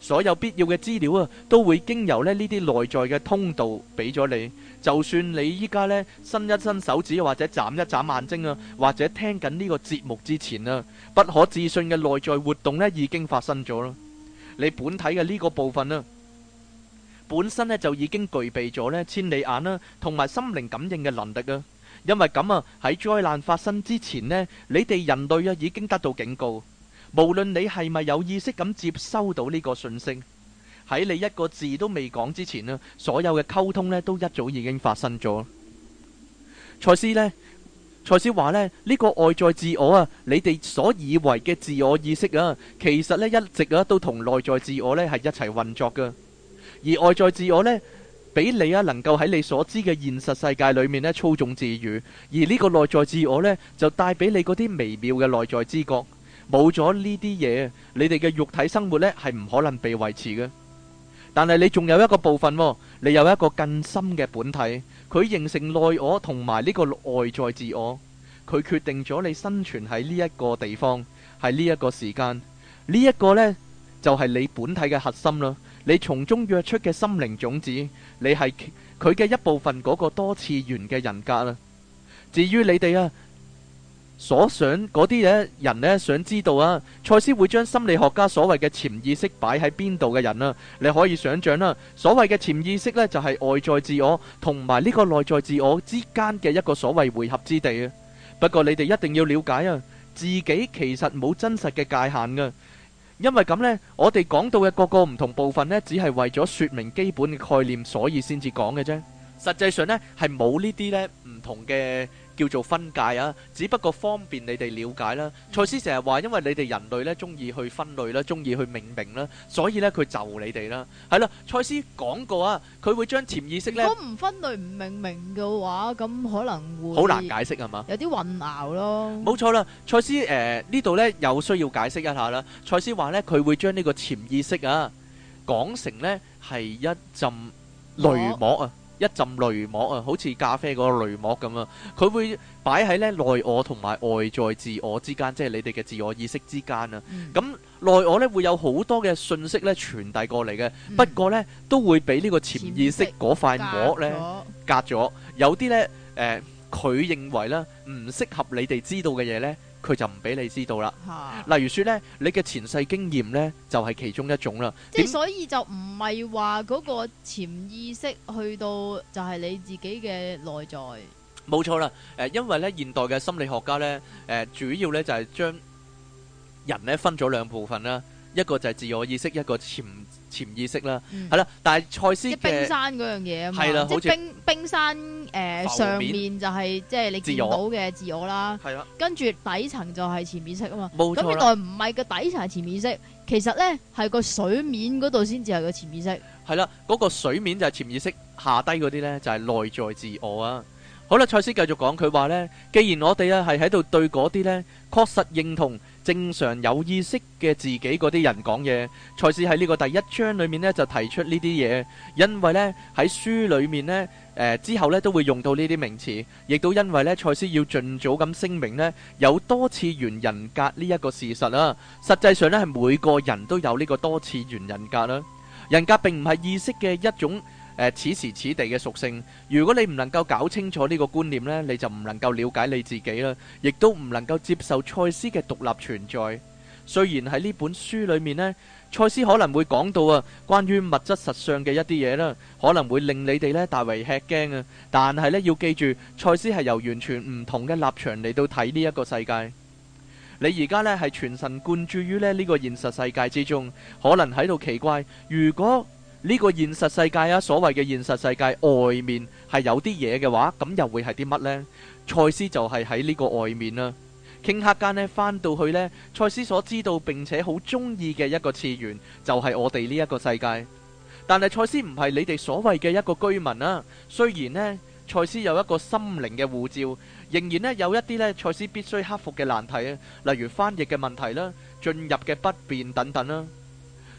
所有必要嘅資料啊，都會經由呢呢啲內在嘅通道俾咗你。就算你依家呢伸一伸手指或者眨一眨眼睛啊，或者聽緊呢個節目之前啊，不可置信嘅內在活動呢已經發生咗咯。你本體嘅呢個部分啦，本身咧就已經具備咗咧千里眼啦，同埋心靈感應嘅能力啊！因為咁啊，喺災難發生之前咧，你哋人類啊已經得到警告。無論你係咪有意識咁接收到呢個訊息，喺你一個字都未講之前啦，所有嘅溝通咧都一早已經發生咗。賽斯咧，賽斯話咧，呢個外在自我啊，你哋所以為嘅自我意識啊，其實咧一直啊都同內在自我咧係一齊運作㗎。而外在自我呢，俾你啊，能夠喺你所知嘅現實世界裏面呢，操縱自如。而呢個內在自我呢，就帶俾你嗰啲微妙嘅內在知覺。冇咗呢啲嘢，你哋嘅肉體生活呢係唔可能被維持嘅。但係你仲有一個部分，哦，你有一個更深嘅本體，佢形成內我同埋呢個外在自我，佢決定咗你生存喺呢一個地方，喺呢一個時間。呢一個呢，就係你本體嘅核心啦。你從中約出嘅心靈種子，你係佢嘅一部分嗰個多次元嘅人格啦，啊。至於你哋啊，所想嗰啲嘢，人呢，想知道啊，賽斯會將心理學家所謂嘅潛意識擺喺邊度嘅人啦，啊，你可以想象啦，啊，所謂嘅潛意識呢，就係、是、外在自我同埋呢個內在自我之間嘅一個所謂匯合之地啊。不過你哋一定要了解啊，自己其實冇真實嘅界限噶。因為咁呢，我哋講到嘅個個唔同部分呢，只係為咗説明基本嘅概念，所以先至講嘅啫。實際上呢，係冇呢啲呢唔同嘅。叫做分界啊，只不過方便你哋了解啦。賽斯成日話，因為你哋人類咧，中意去分類啦，中意去命名啦，所以咧佢就你哋啦。係啦，賽斯講過啊，佢會將潛意識咧。如果唔分類唔命名嘅話，咁可能會好難解釋係嘛？有啲混淆咯。冇錯啦，賽斯誒呢度咧有需要解釋一下啦。賽斯話咧，佢會將呢個潛意識啊講成咧係一陣雷膜啊。一陣濾膜啊，好似咖啡嗰個濾膜咁啊，佢會擺喺咧內我同埋外在自我之間，即係你哋嘅自我意識之間啊。咁、嗯、內我咧會有好多嘅信息咧傳遞過嚟嘅，嗯、不過咧都會俾呢個潛意識嗰塊膜咧隔咗。有啲咧誒，佢、呃、認為咧唔適合你哋知道嘅嘢咧。佢就唔俾你知道啦。例如說咧，你嘅前世經驗咧，就係其中一種啦。即係所以就唔係話嗰個潛意識去到就係你自己嘅內在。冇錯啦，誒，因為咧現代嘅心理學家咧，誒，主要咧就係將人咧分咗兩部分啦。一個就係自我意識，一個潛潛意識啦，係啦、嗯。但係蔡司嘅冰山嗰樣嘢啊，係啦，好似冰冰山誒，呃、上面就係即係你見到嘅自我啦，係啦。跟住底層就係潛意識啊嘛，冇錯啦，咁原來唔係個底層係潛意識，其實咧係個水面嗰度先至係個潛意識。係啦，嗰、嗰個水面就係潛意識，下低嗰啲咧就係內在自我啊。好啦，蔡司繼續講，佢話咧，既然我哋啊係喺度對嗰啲咧，確實認同。正常有意識嘅自己嗰啲人講嘢，賽斯喺呢個第一章裏面咧就提出呢啲嘢，因為咧喺書裏面咧誒之後咧都會用到呢啲名詞，亦都因為咧賽斯要盡早咁聲明咧有多次元人格呢一個事實啦。實際上咧係每個人都有呢個多次元人格啦，人格並唔係意識嘅一種。誒，此時此地嘅屬性，如果你唔能夠搞清楚呢個觀念呢，你就唔能夠了解你自己啦，亦都唔能夠接受賽斯嘅獨立存在。雖然喺呢本書裏面呢，賽斯可能會講到啊，關於物質實相嘅一啲嘢啦，可能會令你哋呢大為吃驚啊。但係呢，要記住，賽斯係由完全唔同嘅立場嚟到睇呢一個世界。你而家呢係全神貫注於呢呢個現實世界之中，可能喺度奇怪，如果。呢個現實世界啊，所謂嘅現實世界外面係有啲嘢嘅話，咁又會係啲乜呢？賽斯就係喺呢個外面啦。頃刻間呢，翻到去呢，賽斯所知道並且好中意嘅一個次元，就係、是、我哋呢一個世界。但係賽斯唔係你哋所謂嘅一個居民啦。雖然呢，賽斯有一個心靈嘅護照，仍然呢有一啲呢賽斯必須克服嘅難題啊，例如翻譯嘅問題啦、進入嘅不便等等啦。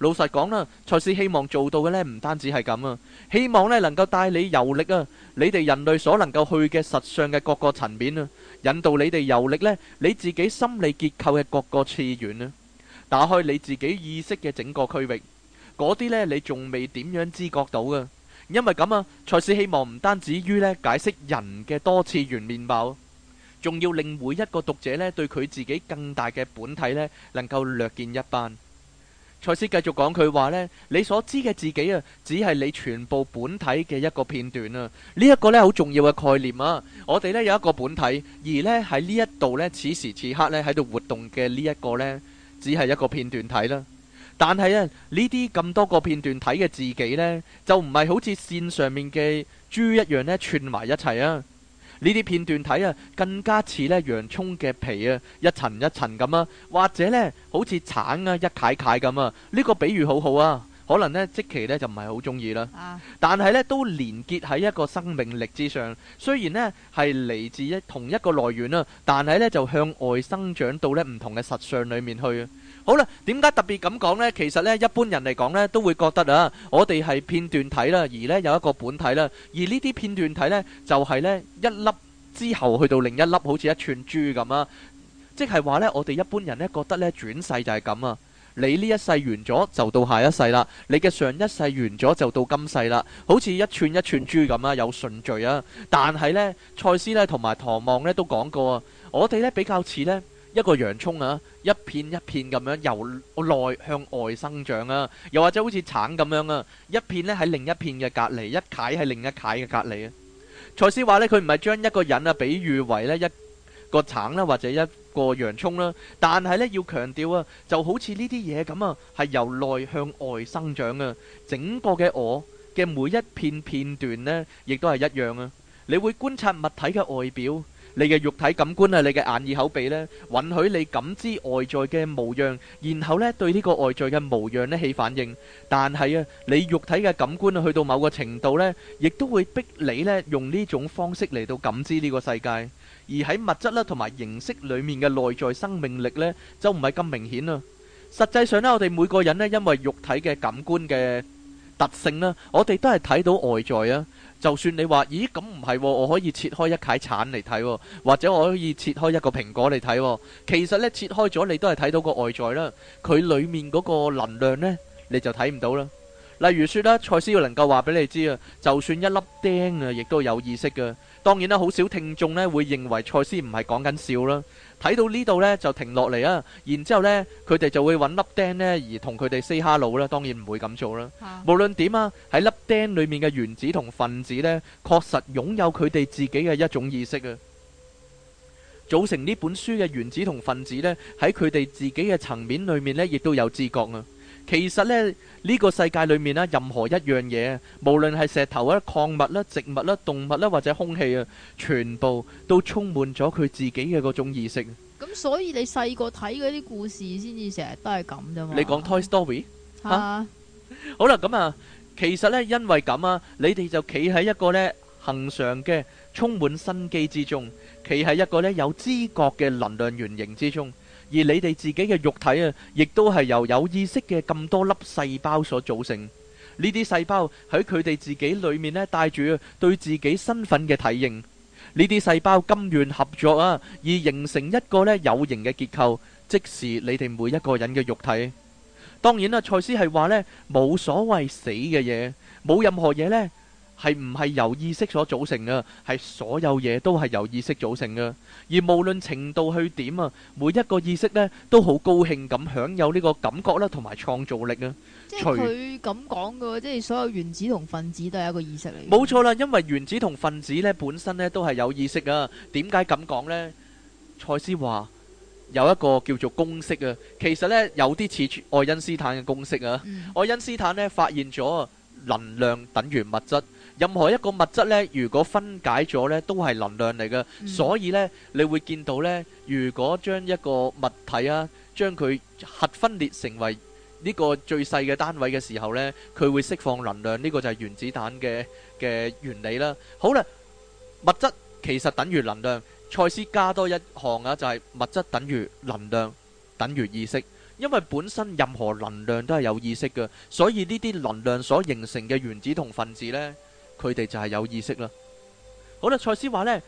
老實講啦，賽斯希望做到嘅呢，唔單止係咁啊，希望呢能夠帶你遊歷啊，你哋人類所能夠去嘅實相嘅各個層面啊，引導你哋遊歷呢，你自己心理結構嘅各個次元啊，打開你自己意識嘅整個區域，嗰啲呢，你仲未點樣知覺到噶，因為咁啊，賽斯希望唔單止於呢解釋人嘅多次元面貌，仲要令每一個讀者呢對佢自己更大嘅本體呢能夠略見一斑。賽斯繼續講，佢話呢，你所知嘅自己啊，只係你全部本體嘅一個片段啊。呢、這、一個呢，好重要嘅概念啊。我哋呢，有一個本體，而呢喺呢一度呢，此時此刻呢，喺度活動嘅呢一個呢，只係一個片段體啦。但係啊，呢啲咁多個片段體嘅自己呢，就唔係好似線上面嘅珠一樣呢串埋一齊啊。呢啲片段睇啊，更加似咧洋葱嘅皮啊，一層一層咁啊，或者咧好似橙啊一楷楷咁啊，呢個比喻好好啊，可能呢即期咧就唔係好中意啦，但係咧都連結喺一個生命力之上，雖然呢係嚟自一同一個來源啦，但係咧就向外生長到咧唔同嘅實相裡面去。好啦，點解特別咁講呢？其實呢，一般人嚟講呢，都會覺得啊，我哋係片段體啦，而呢有一個本體啦，而呢啲片段體呢，就係呢一粒之後去到另一粒，好似一串珠咁啊。即係話呢，我哋一般人呢，覺得呢轉世就係咁啊。你呢一世完咗就到下一世啦，你嘅上一世完咗就到今世啦，好似一串一串珠咁啊，有順序啊。但係呢，賽斯呢，同埋唐望呢，都講過啊，我哋呢，比較似呢，一個洋蔥啊，一片一片咁樣由內向外生長啊，又或者好似橙咁樣啊，一片咧喺另一片嘅隔籬，一楷喺另一楷嘅隔籬啊。賽斯話呢，佢唔係將一個人啊比喻為咧一個橙啦、啊，或者一個洋蔥啦、啊，但係呢，要強調啊，就好似呢啲嘢咁啊，係由內向外生長啊。整個嘅我嘅每一片片段呢，亦都係一樣啊。你會觀察物體嘅外表。你嘅肉體感官啊，你嘅眼、耳、口、鼻呢，允許你感知外在嘅模樣，然後呢對呢個外在嘅模樣呢起反應。但係啊，你肉體嘅感官去到某個程度呢，亦都會逼你呢用呢種方式嚟到感知呢個世界。而喺物質啦同埋形式裏面嘅內在生命力呢，就唔係咁明顯啊。實際上呢，我哋每個人呢，因為肉體嘅感官嘅。特性啦，我哋都係睇到外在啊。就算你話，咦，咁唔係，我可以切開一塊鏟嚟睇，或者我可以切開一個蘋果嚟睇、啊。其實呢，切開咗，你都係睇到個外在啦、啊。佢裏面嗰個能量呢，你就睇唔到啦。例如說啦，賽斯要能夠話俾你知啊，就算一粒釘啊，亦都有意識嘅。當然啦，好少聽眾呢會認為賽斯唔係講緊笑啦。睇到呢度呢，就停落嚟啊，然之後呢，佢哋就會揾粒釘呢，而同佢哋 say hello 啦，當然唔會咁做啦。啊、無論點啊，喺粒釘裡面嘅原子同分子呢，確實擁有佢哋自己嘅一種意識啊。組成呢本書嘅原子同分子呢，喺佢哋自己嘅層面裡面呢，亦都有知覺啊。其實咧呢個世界裡面啦，任何一樣嘢，無論係石頭啦、礦物啦、植物啦、動物啦，或者空氣啊，全部都充滿咗佢自己嘅嗰種意識。咁所以你細個睇嗰啲故事，先至成日都係咁啫嘛。你講 Toy Story 吓，好啦，咁啊，其實咧因為咁啊，你哋就企喺一個咧恆常嘅充滿生機之中，企喺一個咧有知覺嘅能量原型之中。而你哋自己嘅肉體啊，亦都係由有意識嘅咁多粒細胞所組成。呢啲細胞喺佢哋自己裏面咧，帶住對自己身份嘅體型。呢啲細胞甘願合作啊，而形成一個咧有形嘅結構，即是你哋每一個人嘅肉體。當然啦，賽斯係話咧，冇所謂死嘅嘢，冇任何嘢咧。係唔係由意識所組成嘅？係所有嘢都係由意識組成嘅，而無論程度去點啊，每一個意識咧都好高興，咁享有呢個感覺啦，同埋創造力啊！即係佢咁講嘅喎，即係所有原子同分子都係一個意識嚟。冇錯啦，因為原子同分子咧本身咧都係有意識啊。點解咁講咧？賽斯話有一個叫做公式啊，其實咧有啲似愛因斯坦嘅公式啊。愛因斯坦咧發現咗能量等於物質。任何一個物質呢，如果分解了呢，都是能量嚟嘅。所以呢，你會見到呢，如果將一個物體呀，將它核分裂成為這個最小的單位的時候呢，它會釋放能量。這個就是原子彈的的原理啦。好啦，物質其實等於能量。賽斯加多一項呀，就是物質等於能量，等於意識。因為本身任何能量都是有意識的。所以，這些能量所形成的原子和分子呢，佢哋就係有意識啦。好啦，賽斯話咧，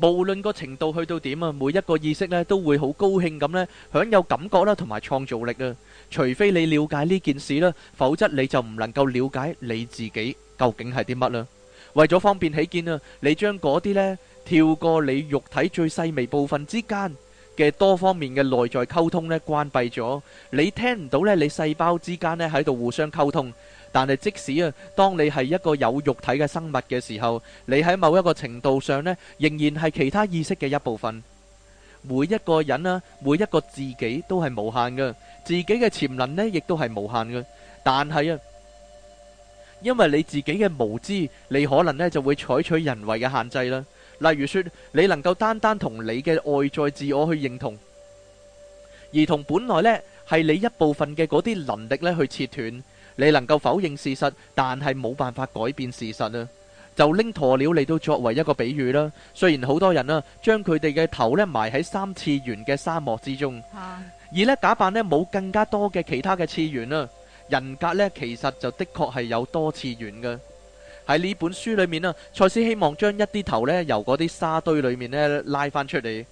無論個程度去到點啊，每一個意識咧都會好高興咁咧，享有感覺啦，同埋創造力啊。除非你瞭解呢件事啦，否則你就唔能夠瞭解你自己究竟係啲乜啦。為咗方便起見啊，你將嗰啲咧跳過你肉體最細微部分之間嘅多方面嘅內在溝通咧關閉咗，你聽唔到咧你細胞之間咧喺度互相溝通。但係，即使啊，當你係一個有肉體嘅生物嘅時候，你喺某一個程度上呢，仍然係其他意識嘅一部分。每一個人啊，每一個自己都係無限嘅，自己嘅潛能呢亦都係無限嘅。但係啊，因為你自己嘅無知，你可能呢就會採取人為嘅限制啦。例如說，你能夠單單同你嘅外在自我去認同，而同本來呢係你一部分嘅嗰啲能力呢去切斷。你能夠否認事實，但係冇辦法改變事實啊！就拎鴕鳥，你都作為一個比喻啦。雖然好多人啦、啊，將佢哋嘅頭咧埋喺三次元嘅沙漠之中，啊、而咧假扮咧冇更加多嘅其他嘅次元啦、啊。人格呢，其實就的確係有多次元噶。喺呢本書裏面啊，賽斯希望將一啲頭咧由嗰啲沙堆裏面咧拉翻出嚟。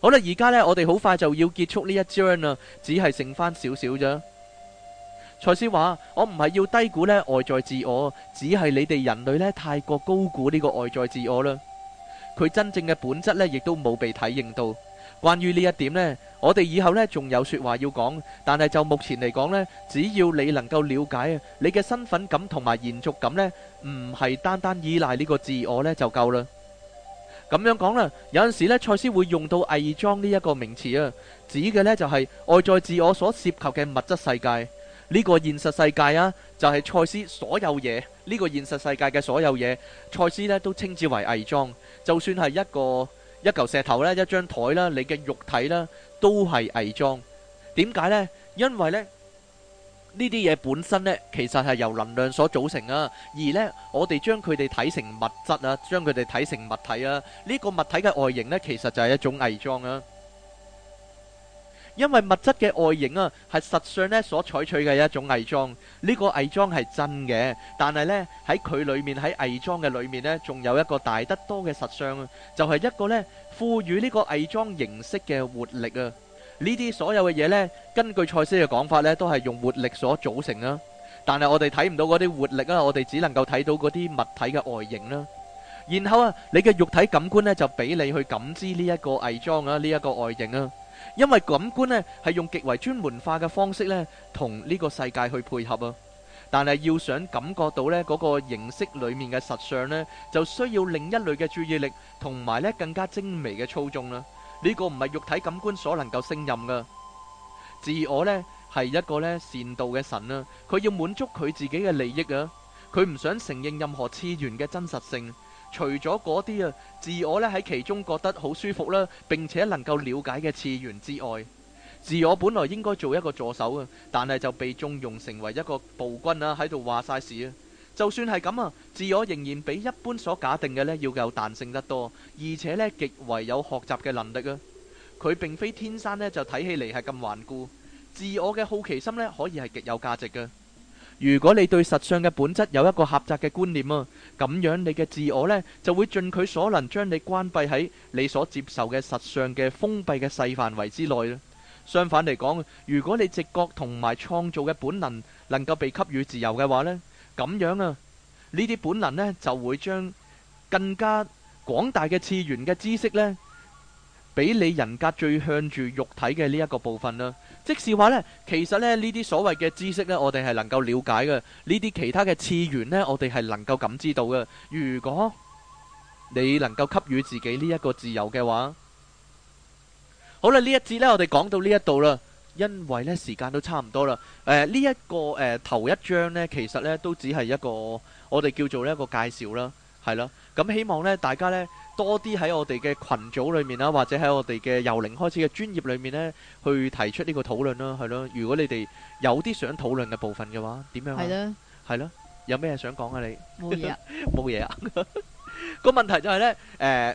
好啦，而家呢，我哋好快就要結束呢一章啦，只係剩翻少少啫。蔡斯話，我唔係要低估呢外在自我，只係你哋人類咧太過高估呢個外在自我啦。佢真正嘅本質呢，亦都冇被體認到。關於呢一點呢，我哋以後呢仲有說話要講，但係就目前嚟講呢，只要你能夠了解啊，你嘅身份感同埋延續感呢，唔係單單依賴呢個自我呢，就夠啦。咁樣講啦，有陣時咧，賽斯會用到偽裝呢一個名詞啊，指嘅呢就係外在自我所涉及嘅物質世界。呢個現實世界啊，就係賽斯所有嘢。呢個現實世界嘅所有嘢，賽斯咧都稱之為偽裝。就算係一個一嚿石頭咧、一張台啦、你嘅肉體啦，都係偽裝。點解呢？因為咧，呢啲嘢本身呢，其實係由能量所組成啊。而呢，我哋將佢哋睇成物質啊，將佢哋睇成物體啊，呢個物體嘅外形呢，其實就係一種偽裝啊。因為物質嘅外形啊，係實相咧所採取嘅一種偽裝，呢個偽裝係真嘅，但係咧喺佢裏面喺偽裝嘅裏面咧，仲有一個大得多嘅實相啊，就係一個咧賦予呢個偽裝形式嘅活力啊，呢啲所有嘅嘢咧，根據賽斯嘅講法咧，都係用活力所組成啊，但係我哋睇唔到嗰啲活力啊，我哋只能夠睇到嗰啲物體嘅外形啦，然後啊，你嘅肉體感官咧就俾你去感知呢一個偽裝啊，呢一個外形啊。因為感官咧係用極為專門化嘅方式咧同呢個世界去配合啊，但係要想感覺到咧嗰、這個形式裏面嘅實相咧，就需要另一類嘅注意力同埋咧更加精微嘅操縱啦、啊。呢、這個唔係肉體感官所能夠勝任㗎。自我咧係一個咧善道嘅神啦、啊，佢要滿足佢自己嘅利益啊，佢唔想承認任何次元嘅真實性。除咗嗰啲啊，自我咧喺其中覺得好舒服啦，並且能夠瞭解嘅次元之外，自我本來應該做一個助手啊，但係就被縱容成為一個暴君啦，喺度話曬事啊。就算係咁啊，自我仍然比一般所假定嘅咧要有彈性得多，而且咧極為有學習嘅能力啊。佢並非天生咧就睇起嚟係咁頑固，自我嘅好奇心咧可以係極有價值嘅。如果你對實相嘅本質有一個狹窄嘅觀念啊，咁樣你嘅自我呢，就會盡佢所能將你關閉喺你所接受嘅實相嘅封閉嘅細範圍之內。相反嚟講，如果你直覺同埋創造嘅本能能夠被給予自由嘅話呢，咁樣啊，呢啲本能呢，就會將更加廣大嘅次元嘅知識呢。俾你人格最向住肉體嘅呢一個部分啦，即是話呢，其實呢呢啲所謂嘅知識呢，我哋係能夠了解嘅，呢啲其他嘅次元呢，我哋係能夠感知到嘅。如果你能夠給予自己呢一個自由嘅話，好啦，呢一節呢，我哋講到呢一度啦，因為呢時間都差唔多啦。誒呢一個誒、呃、頭一章呢，其實呢都只係一個我哋叫做呢一個介紹啦，係啦。咁希望咧，大家咧多啲喺我哋嘅群組裏面啦，或者喺我哋嘅由零開始嘅專業裏面咧，去提出呢個討論啦，係咯。如果你哋有啲想討論嘅部分嘅話，點樣？係咯，係咯。有咩想講啊？你冇嘢啊，冇嘢啊。個問題就係咧，誒，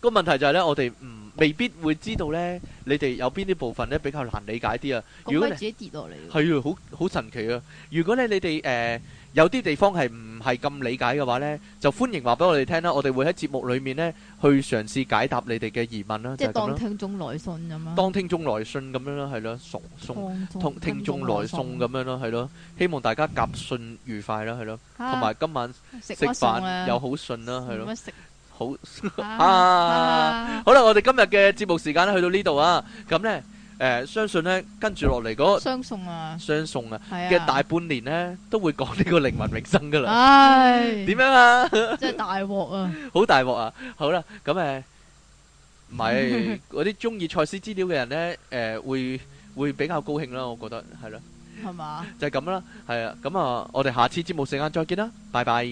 個問題就係咧，我哋唔未必會知道咧，你哋有邊啲部分咧比較難理解啲啊？如果自己跌落嚟，係啊，好好神奇啊！如果咧，你哋誒。有啲地方係唔係咁理解嘅話咧，就歡迎話俾我哋聽啦。我哋會喺節目裡面咧，去嘗試解答你哋嘅疑問啦。即係當聽眾來信咁樣，當聽眾來信咁樣咯，係咯送送同聽眾來送咁樣咯，係咯。希望大家夾信愉快啦，係咯。同埋今晚食飯又好順啦，係咯。好啊！好啦，我哋今日嘅節目時間咧，去到呢度啊。咁咧。誒，相信咧跟住落嚟嗰個相送啊，相送啊，嘅大半年咧都會講呢個靈魂永生噶啦，點樣啊？即係大鑊啊！好大鑊啊！好啦，咁誒，唔係嗰啲中意賽斯資料嘅人咧，誒，會會比較高興啦，我覺得係咯，係嘛？就係咁啦，係啊，咁啊，我哋下次節目時間再見啦，拜拜。